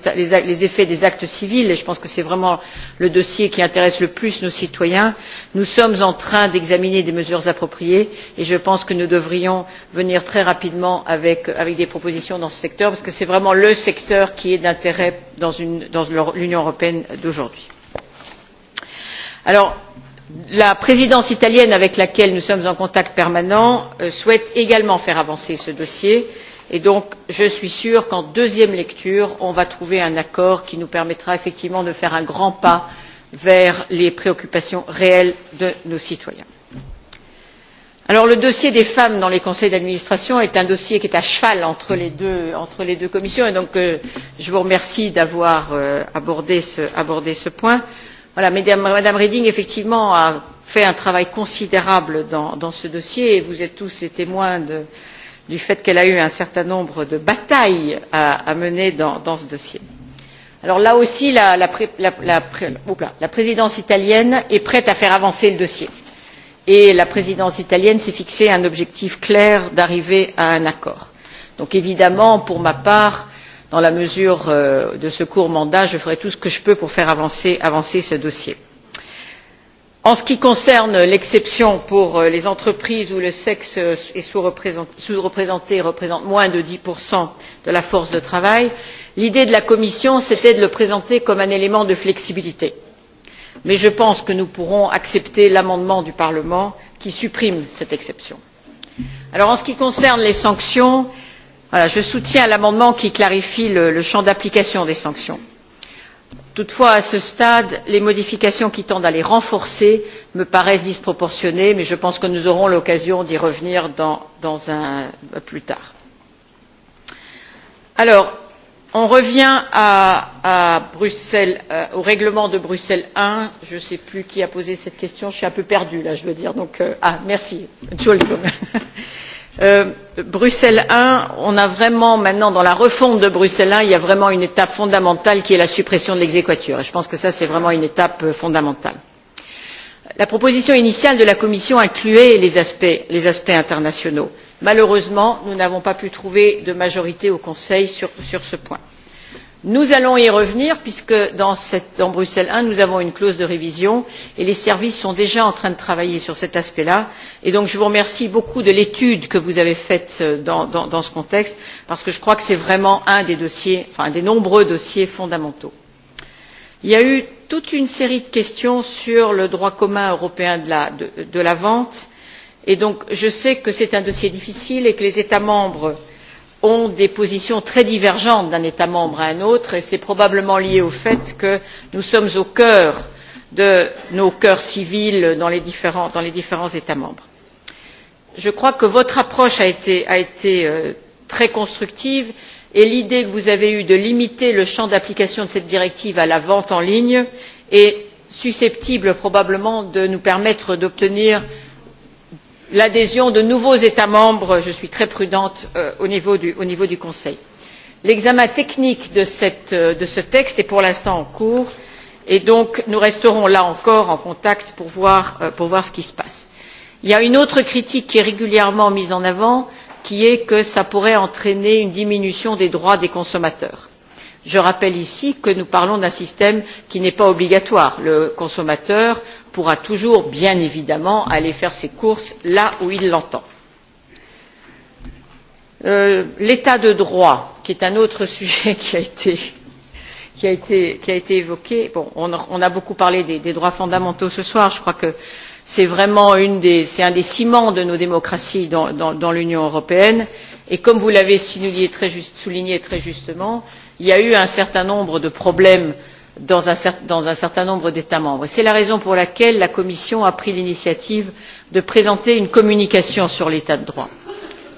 effets des actes civils et je pense que c'est vraiment le dossier qui intéresse le plus nos citoyens nous sommes en train d'examiner des mesures appropriées et je pense que nous devrions venir très rapidement avec, des propositions dans ce secteur parce que c'est vraiment le secteur qui est d'intérêt dans, l'union européenne d'aujourd'hui. la présidence italienne avec laquelle nous sommes en contact permanent euh, souhaite également faire avancer ce dossier et donc je suis sûre qu'en deuxième lecture on va trouver un accord qui nous permettra effectivement de faire un grand pas vers les préoccupations réelles de nos citoyens. le dossier des femmes dans les conseils d'administration est un dossier qui est à cheval entre les deux, commissions et donc euh, je vous remercie d'avoir euh, abordé, ce, point. mme Reding effectivement a fait un travail considérable dans, ce dossier et vous êtes tous les témoins de, du fait qu'elle a eu un certain nombre de batailles à, mener dans, ce dossier. Alors là aussi, la, présidence italienne est prête à faire avancer le dossier. Et la présidence italienne s'est fixé un objectif clair d'arriver à un accord. Donc évidemment, pour ma part, dans la mesure euh, de ce court mandat, je ferai tout ce que je peux pour faire avancer ce dossier en ce qui concerne l'exception pour euh, les entreprises où le sexe euh, est sous représenté et représente moins de dix de la force de travail l'idée de la commission était de le présenter comme un élément de flexibilité mais je pense que nous pourrons accepter l'amendement du parlement qui supprime cette exception. en ce qui concerne les sanctions je soutiens l'amendement qui clarifie le champ d'application des sanctions toutefois à ce stade les modifications qui tendent à les renforcer me paraissent disproportionnées mais je pense que nous aurons l'occasion d'y revenir euh, plus tard. alors on revient à, Bruxelles, euh, au règlement de Bruxelles I. Je ne sais plus qui a posé cette question. Je suis un peu perdue là, je dois dire. Donc, euh, ah, merci. Entschuldigung. Euh, bruxelles i on a vraiment maintenant dans la refonte de bruxelles i il y a vraiment une étape fondamentale qui est la suppression de l'exequatur et je pense que ça c'est vraiment une étape euh, fondamentale. la proposition initiale de la commission incluait les aspects, internationaux. malheureusement nous n'avons pas pu trouver de majorité au conseil sur ce point nous allons y revenir puisque dans, bruxelles i nous avons une clause de révision et les services sont déjà en train de travailler sur cet aspect là je vous remercie donc beaucoup de l'étude que vous avez faite euh, dans, ce contexte parce que je crois que c'est vraiment un des dossiers enfin un des nombreux dossiers fondamentaux. il y a eu toute une série de questions sur le droit commun européen de la, vente et je sais que c'est un dossier difficile et que les états membres ont des positions très divergentes d'un état membre à un autre et c'est probablement lié au fait que nous sommes au cœur de nos cœurs civils dans les différents, états membres. je crois que votre approche a été, euh, très constructive et l'idée que vous avez eue de limiter le champ d'application de cette directive à la vente en ligne est susceptible probablement de nous permettre d'obtenir l'adhésion de nouveaux états membres je suis très prudente euh, au, niveau du, conseil. l'examen technique euh, de, ce texte est pour l'instant en cours et donc nous resterons là encore en contact euh, pour voir ce qui se passe. il y a une autre critique qui est régulièrement mise en avant qui est que cela pourrait entraîner une diminution des droits des consommateurs. je rappelle ici que nous parlons d'un système qui n'est pas obligatoire. le consommateur pourra toujours bien évidemment aller faire ses courses là où il l'entend. Euh, l'état de droit qui est un autre sujet qui a été, qui a été, qui a été évoqué bon, on, a, on a beaucoup parlé des, des droits fondamentaux ce soir je crois que c'est vraiment une des, c'est un des ciments de nos démocraties dans, dans, dans l'union européenne et comme vous l'avez souligné très, juste, souligné très justement il y a eu un certain nombre de problèmes euh, dans un, dans un certain nombre d'états membres. c'est la raison pour laquelle la commission a pris l'initiative de présenter une communication sur l'état de droit.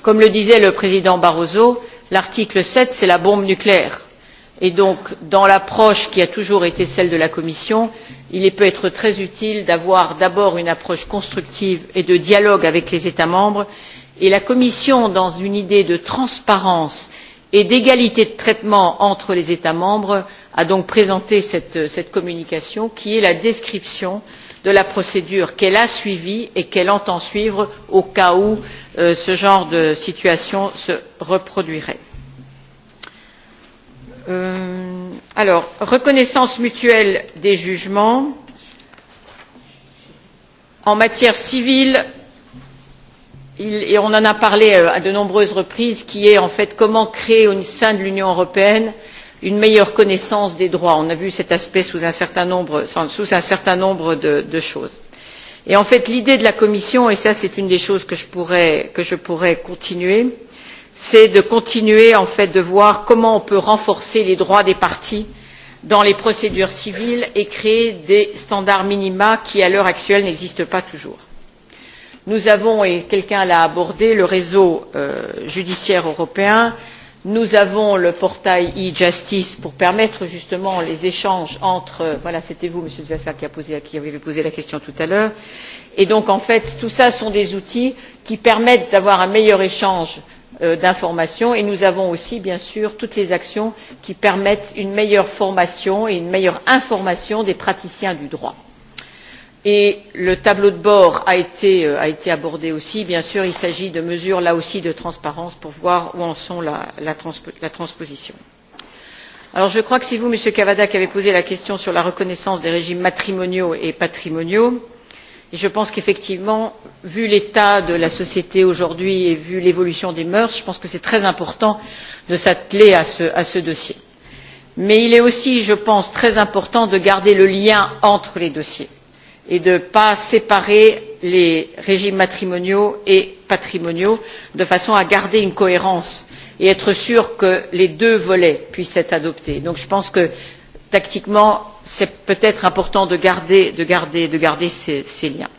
comme le disait le président barroso l'article sept c'est la bombe nucléaire et donc dans l'approche qui a toujours été celle de la commission il peut être très utile d'avoir d'abord une approche constructive et de dialogue avec les états membres et la commission dans une idée de transparence et et d'égalité de traitement entre les états membres a donc présenté cette, communication qui est la description de la procédure qu'elle a suivie et qu'elle entend suivre au cas où euh, ce genre de situation se reproduirait. Euh, reconnaissance mutuelle des jugements en matière civile et on en a parlé euh, à de nombreuses reprises qui est en fait comment créer au sein de l'union européenne une meilleure connaissance des droits. on a vu cet aspect sous un certain nombre, sous un certain nombre de, de choses. Et en fait l'idée de la commission et ça c'est une des choses que je pourrais, que je pourrais continuer c'est de continuer en fait de voir comment on peut renforcer les droits des parties dans les procédures civiles et créer des standards minima qui à l'heure actuelle n'existent pas toujours nous avons et quelqu'un l'a abordé le réseau euh, judiciaire européen nous avons le portail e justice pour permettre justement les échanges entre euh, voilà c'était vous monsieur zwiefka qui, qui avez posé la question tout à l'heure et donc en fait tout cela sont des outils qui permettent d'avoir un meilleur échange euh, d'informations et nous avons aussi bien sûr toutes les actions qui permettent une meilleure formation et une meilleure information des praticiens du droit et le tableau de bord euh, a été, abordé aussi. Bien sûr, il s'agit de mesures là aussi de transparence pour voir où en est la, transposition. je crois que c'est vous, Monsieur Cavada, qui avez posé la question sur la reconnaissance des régimes matrimoniaux et patrimoniaux. Et je pense qu'effectivement, vu l'état de la société aujourd'hui et vu l'évolution des mœurs, je pense que c'est très important de s'atteler à ce, à ce dossier. Mais il est aussi, je pense, très important de garder le lien entre les dossiers et de ne pas séparer les régimes matrimoniaux et patrimoniaux de façon à garder une cohérence et être sûr que les deux volets puissent être adoptés. je pense que tactiquement c'est peut être important de garder, ces, liens.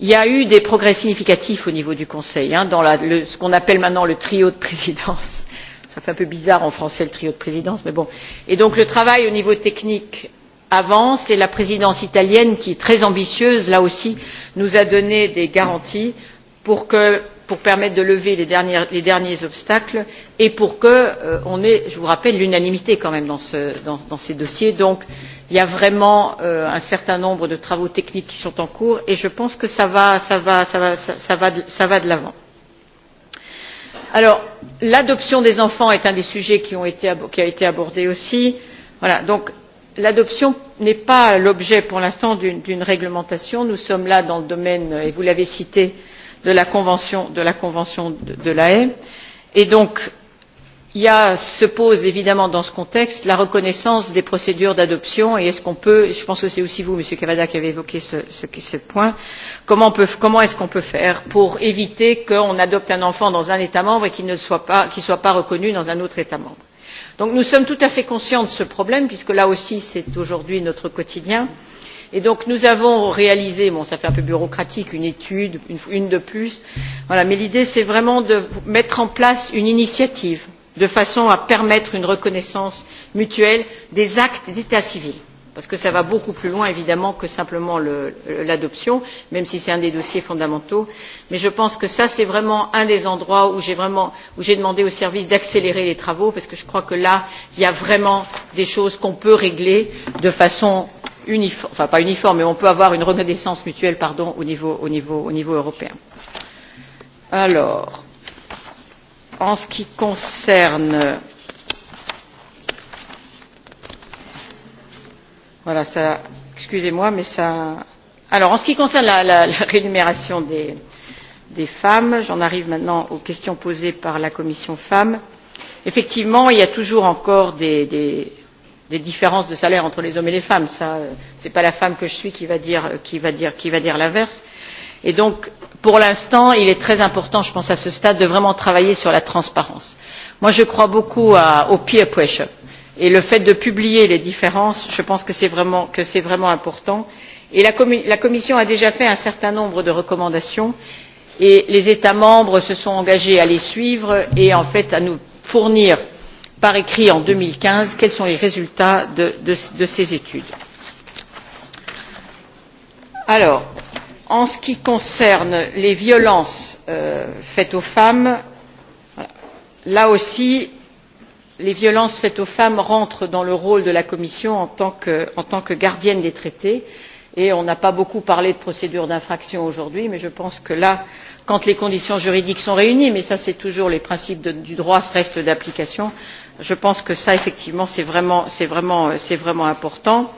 Il y a eu des progrès significatifs au niveau du Conseil, dans ce qu'on appelle maintenant le trio de présidence. cela fait un peu bizarre en français le trio de présidence, mais bon. Et donc le travail au niveau technique avance et la présidence italienne qui est très ambitieuse là aussi nous a donné des garanties pour, que, pour permettre de lever les, les derniers obstacles et pour que euh, ait je vous rappelle l'unanimité quand même dans, ce, dans, dans ces dossiers donc il y a vraiment euh, un certain nombre de travaux techniques qui sont en cours et je pense que ça va, ça va, ça va, ça va de, de l'avant. l'adoption des enfants est un des sujets qui, ont été, qui a été abordé aussi. Voilà, donc l'adoption n'est pas l'objet pour l'instant d'une réglementation nous sommes là dans le domaine et vous l'avez cité de la convention de la, convention de, la haye et donc se pose évidemment dans ce contexte la reconnaissance des procédures d'adoption et est ce qu'on peut je pense que c'est aussi vous monsieur cavada qui avez évoqué ce, ce, ce point comment, comment est ce qu'on peut faire pour éviter qu'on adopte un enfant dans un état membre et qu'il ne soit pas, qu soit pas reconnu dans un autre état membre? donc nous sommes tout à fait conscients de ce problème puisque là aussi c'est aujourd'hui notre quotidien et donc nous avons réalisé bon cela fait un peu bureaucratique une étude une, de plus mais l'idée c'est vraiment de mettre en place une initiative de façon à permettre une reconnaissance mutuelle des actes d'état civil parce que cela va beaucoup plus loin évidemment que simplement l'adoption même si c'est un des dossiers fondamentaux mais je pense que c'est vraiment un des endroits où j'ai vraiment demandé aux services d'accélérer les travaux parce que je crois que là il y a vraiment des choses qu'on peut régler de façon uniforme enfin pas uniforme mais on peut avoir une reconnaissance mutuelle pardon au niveau, au niveau, au niveau européen. Alors, en ce qui concerne Voilà, ça, excusez-moi, mais ça. Alors, en ce qui concerne la, la, la rémunération des, des femmes, j'en arrive maintenant aux questions posées par la commission femmes. Effectivement, il y a toujours encore des, des, des différences de salaire entre les hommes et les femmes. Ce n'est pas la femme que je suis qui va dire, qui va dire, qui va dire l'inverse. Et donc, pour l'instant, il est très important, je pense, à ce stade, de vraiment travailler sur la transparence. Moi, je crois beaucoup à, au peer pressure et le fait de publier les différences je pense que c'est vraiment, important la, commission a déjà fait un certain nombre de recommandations et les états membres se sont engagés à les suivre et en fait à nous fournir par écrit en deux mille quinze quels sont les résultats de, ces études. en ce qui concerne les violences euh, faites aux femmes là aussi les violences faites aux femmes rentrent dans le rôle de la commission en tant que, gardienne des traités et on n'a pas beaucoup parlé de procédure d'infraction aujourd'hui mais je pense que là quand les conditions juridiques sont réunies mais ça c'est toujours les principes du droit qui restent d'application je pense que ça effectivement c'est vraiment important.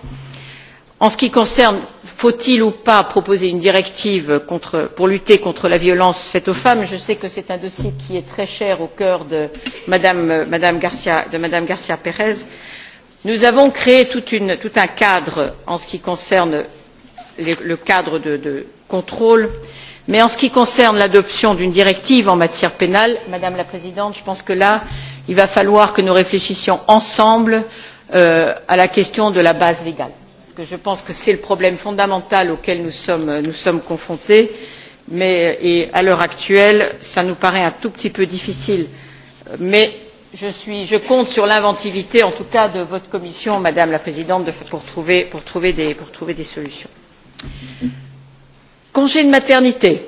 en ce qui concerne faut il ou pas proposer une directive pour lutter contre la violence faite aux femmes? je sais que c'est un dossier qui est très cher au cœur de mme garca pérez. nous avons créé tout, un cadre en ce qui concerne le cadre de, contrôle mais en ce qui concerne l'adoption d'une directive en matière pénale madame la présidente je pense que là il va falloir que nous réfléchissions ensemble euh, à la question de la base légale que je pense que c'est le problème fondamental auquel nous sommes, confrontés mais, et à l'heure actuelle cela nous paraît un tout petit peu difficile mais je, suis, je compte sur l'inventivité en tout cas de votre commission madame la présidente pour, trouver, pour, trouver des, pour trouver des solutions. congé de maternité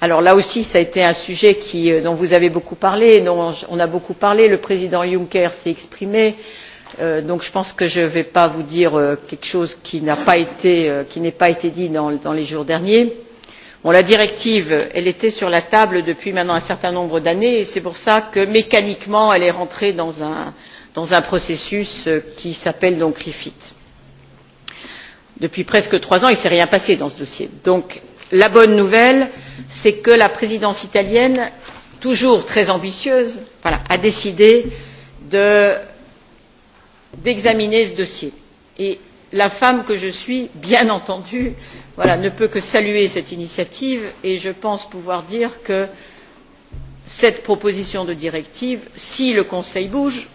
alors là aussi ça a été un sujet qui, euh, dont vous avez beaucoup parlé dont on a beaucoup parlé le président juncker s'est exprimé euh, Euh, donc je pense que je ne vais pas vous dire euh, quelque chose qui n'a pas été euh, qui n'ait pas été dit dans, les jours derniers. la directive était sur la table depuis maintenant un certain nombre d'années et c'est pour cela que mécaniquement elle est rentrée dans un, processus qui s'appelle donc refit. depuis presque trois ans il ne s'est rien passé dans ce dossier. donc la bonne nouvelle c'est que la présidence italienne toujours très ambitieuse voilà, a décidé de d'examiner ce dossier et la femme que je suis bien entendu voilà, ne peut que saluer cette initiative et je pense pouvoir dire que cette proposition de directive si le conseil bouge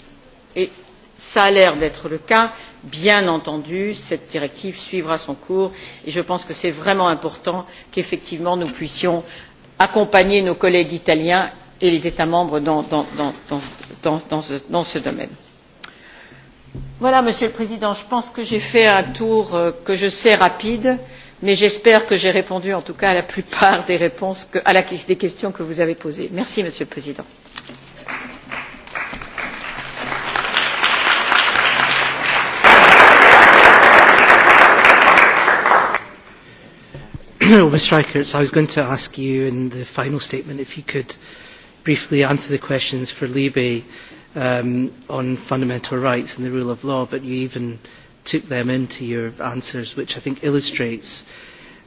et cela a l'air d'être le cas bien entendu cette directive suivra son cours et je pense que c'est vraiment important qu'effectivement nous puissions accompagner nos collègues italiens et les états membres dans ce domaine. Monsieur le Président, je pense que j'ai fait un tour euh, que je sais rapide, mais j'espère que j'ai répondu en tout cas à la plupart des questions que vous avez posées. Merci, Monsieur le Président. Ms. Reichertz, I was going to ask you in the final statement if you could briefly answer the questions for Libe um, on fundamental rights and the rule of law, but you even took them into your answers, which I think illustrates,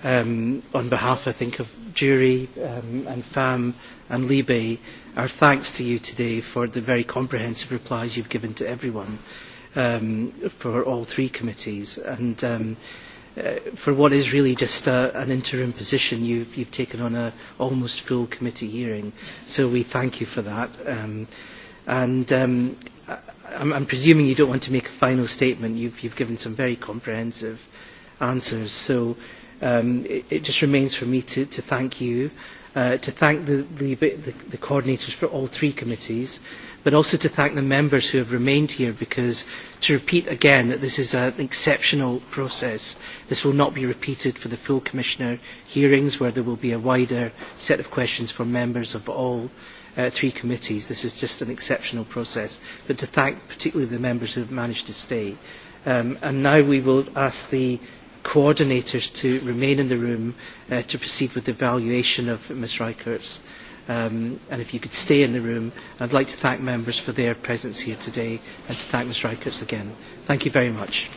um, on behalf, I think, of jury um, and FAM and Libe, our thanks to you today for the very comprehensive replies you've given to everyone um, for all three committees. And um, uh, for what is really just a, uh, an interim position, you've, you've taken on an almost full committee hearing. So we thank you for that. Um, And um, I'm, I'm presuming you don't want to make a final statement. You've, you've given some very comprehensive answers. So um, it, it just remains for me to, to thank you, uh, to thank the, the, the, the coordinators for all three committees, but also to thank the members who have remained here because to repeat again that this is an exceptional process. This will not be repeated for the full commissioner hearings where there will be a wider set of questions from members of all uh, three committees. This is just an exceptional process. But to thank particularly the members who have managed to stay. Um, and now we will ask the coordinators to remain in the room uh, to proceed with the evaluation of Ms Reichert's. Um, and if you could stay in the room, I'd like to thank members for their presence here today and to thank Ms Reichert's again. Thank you very much.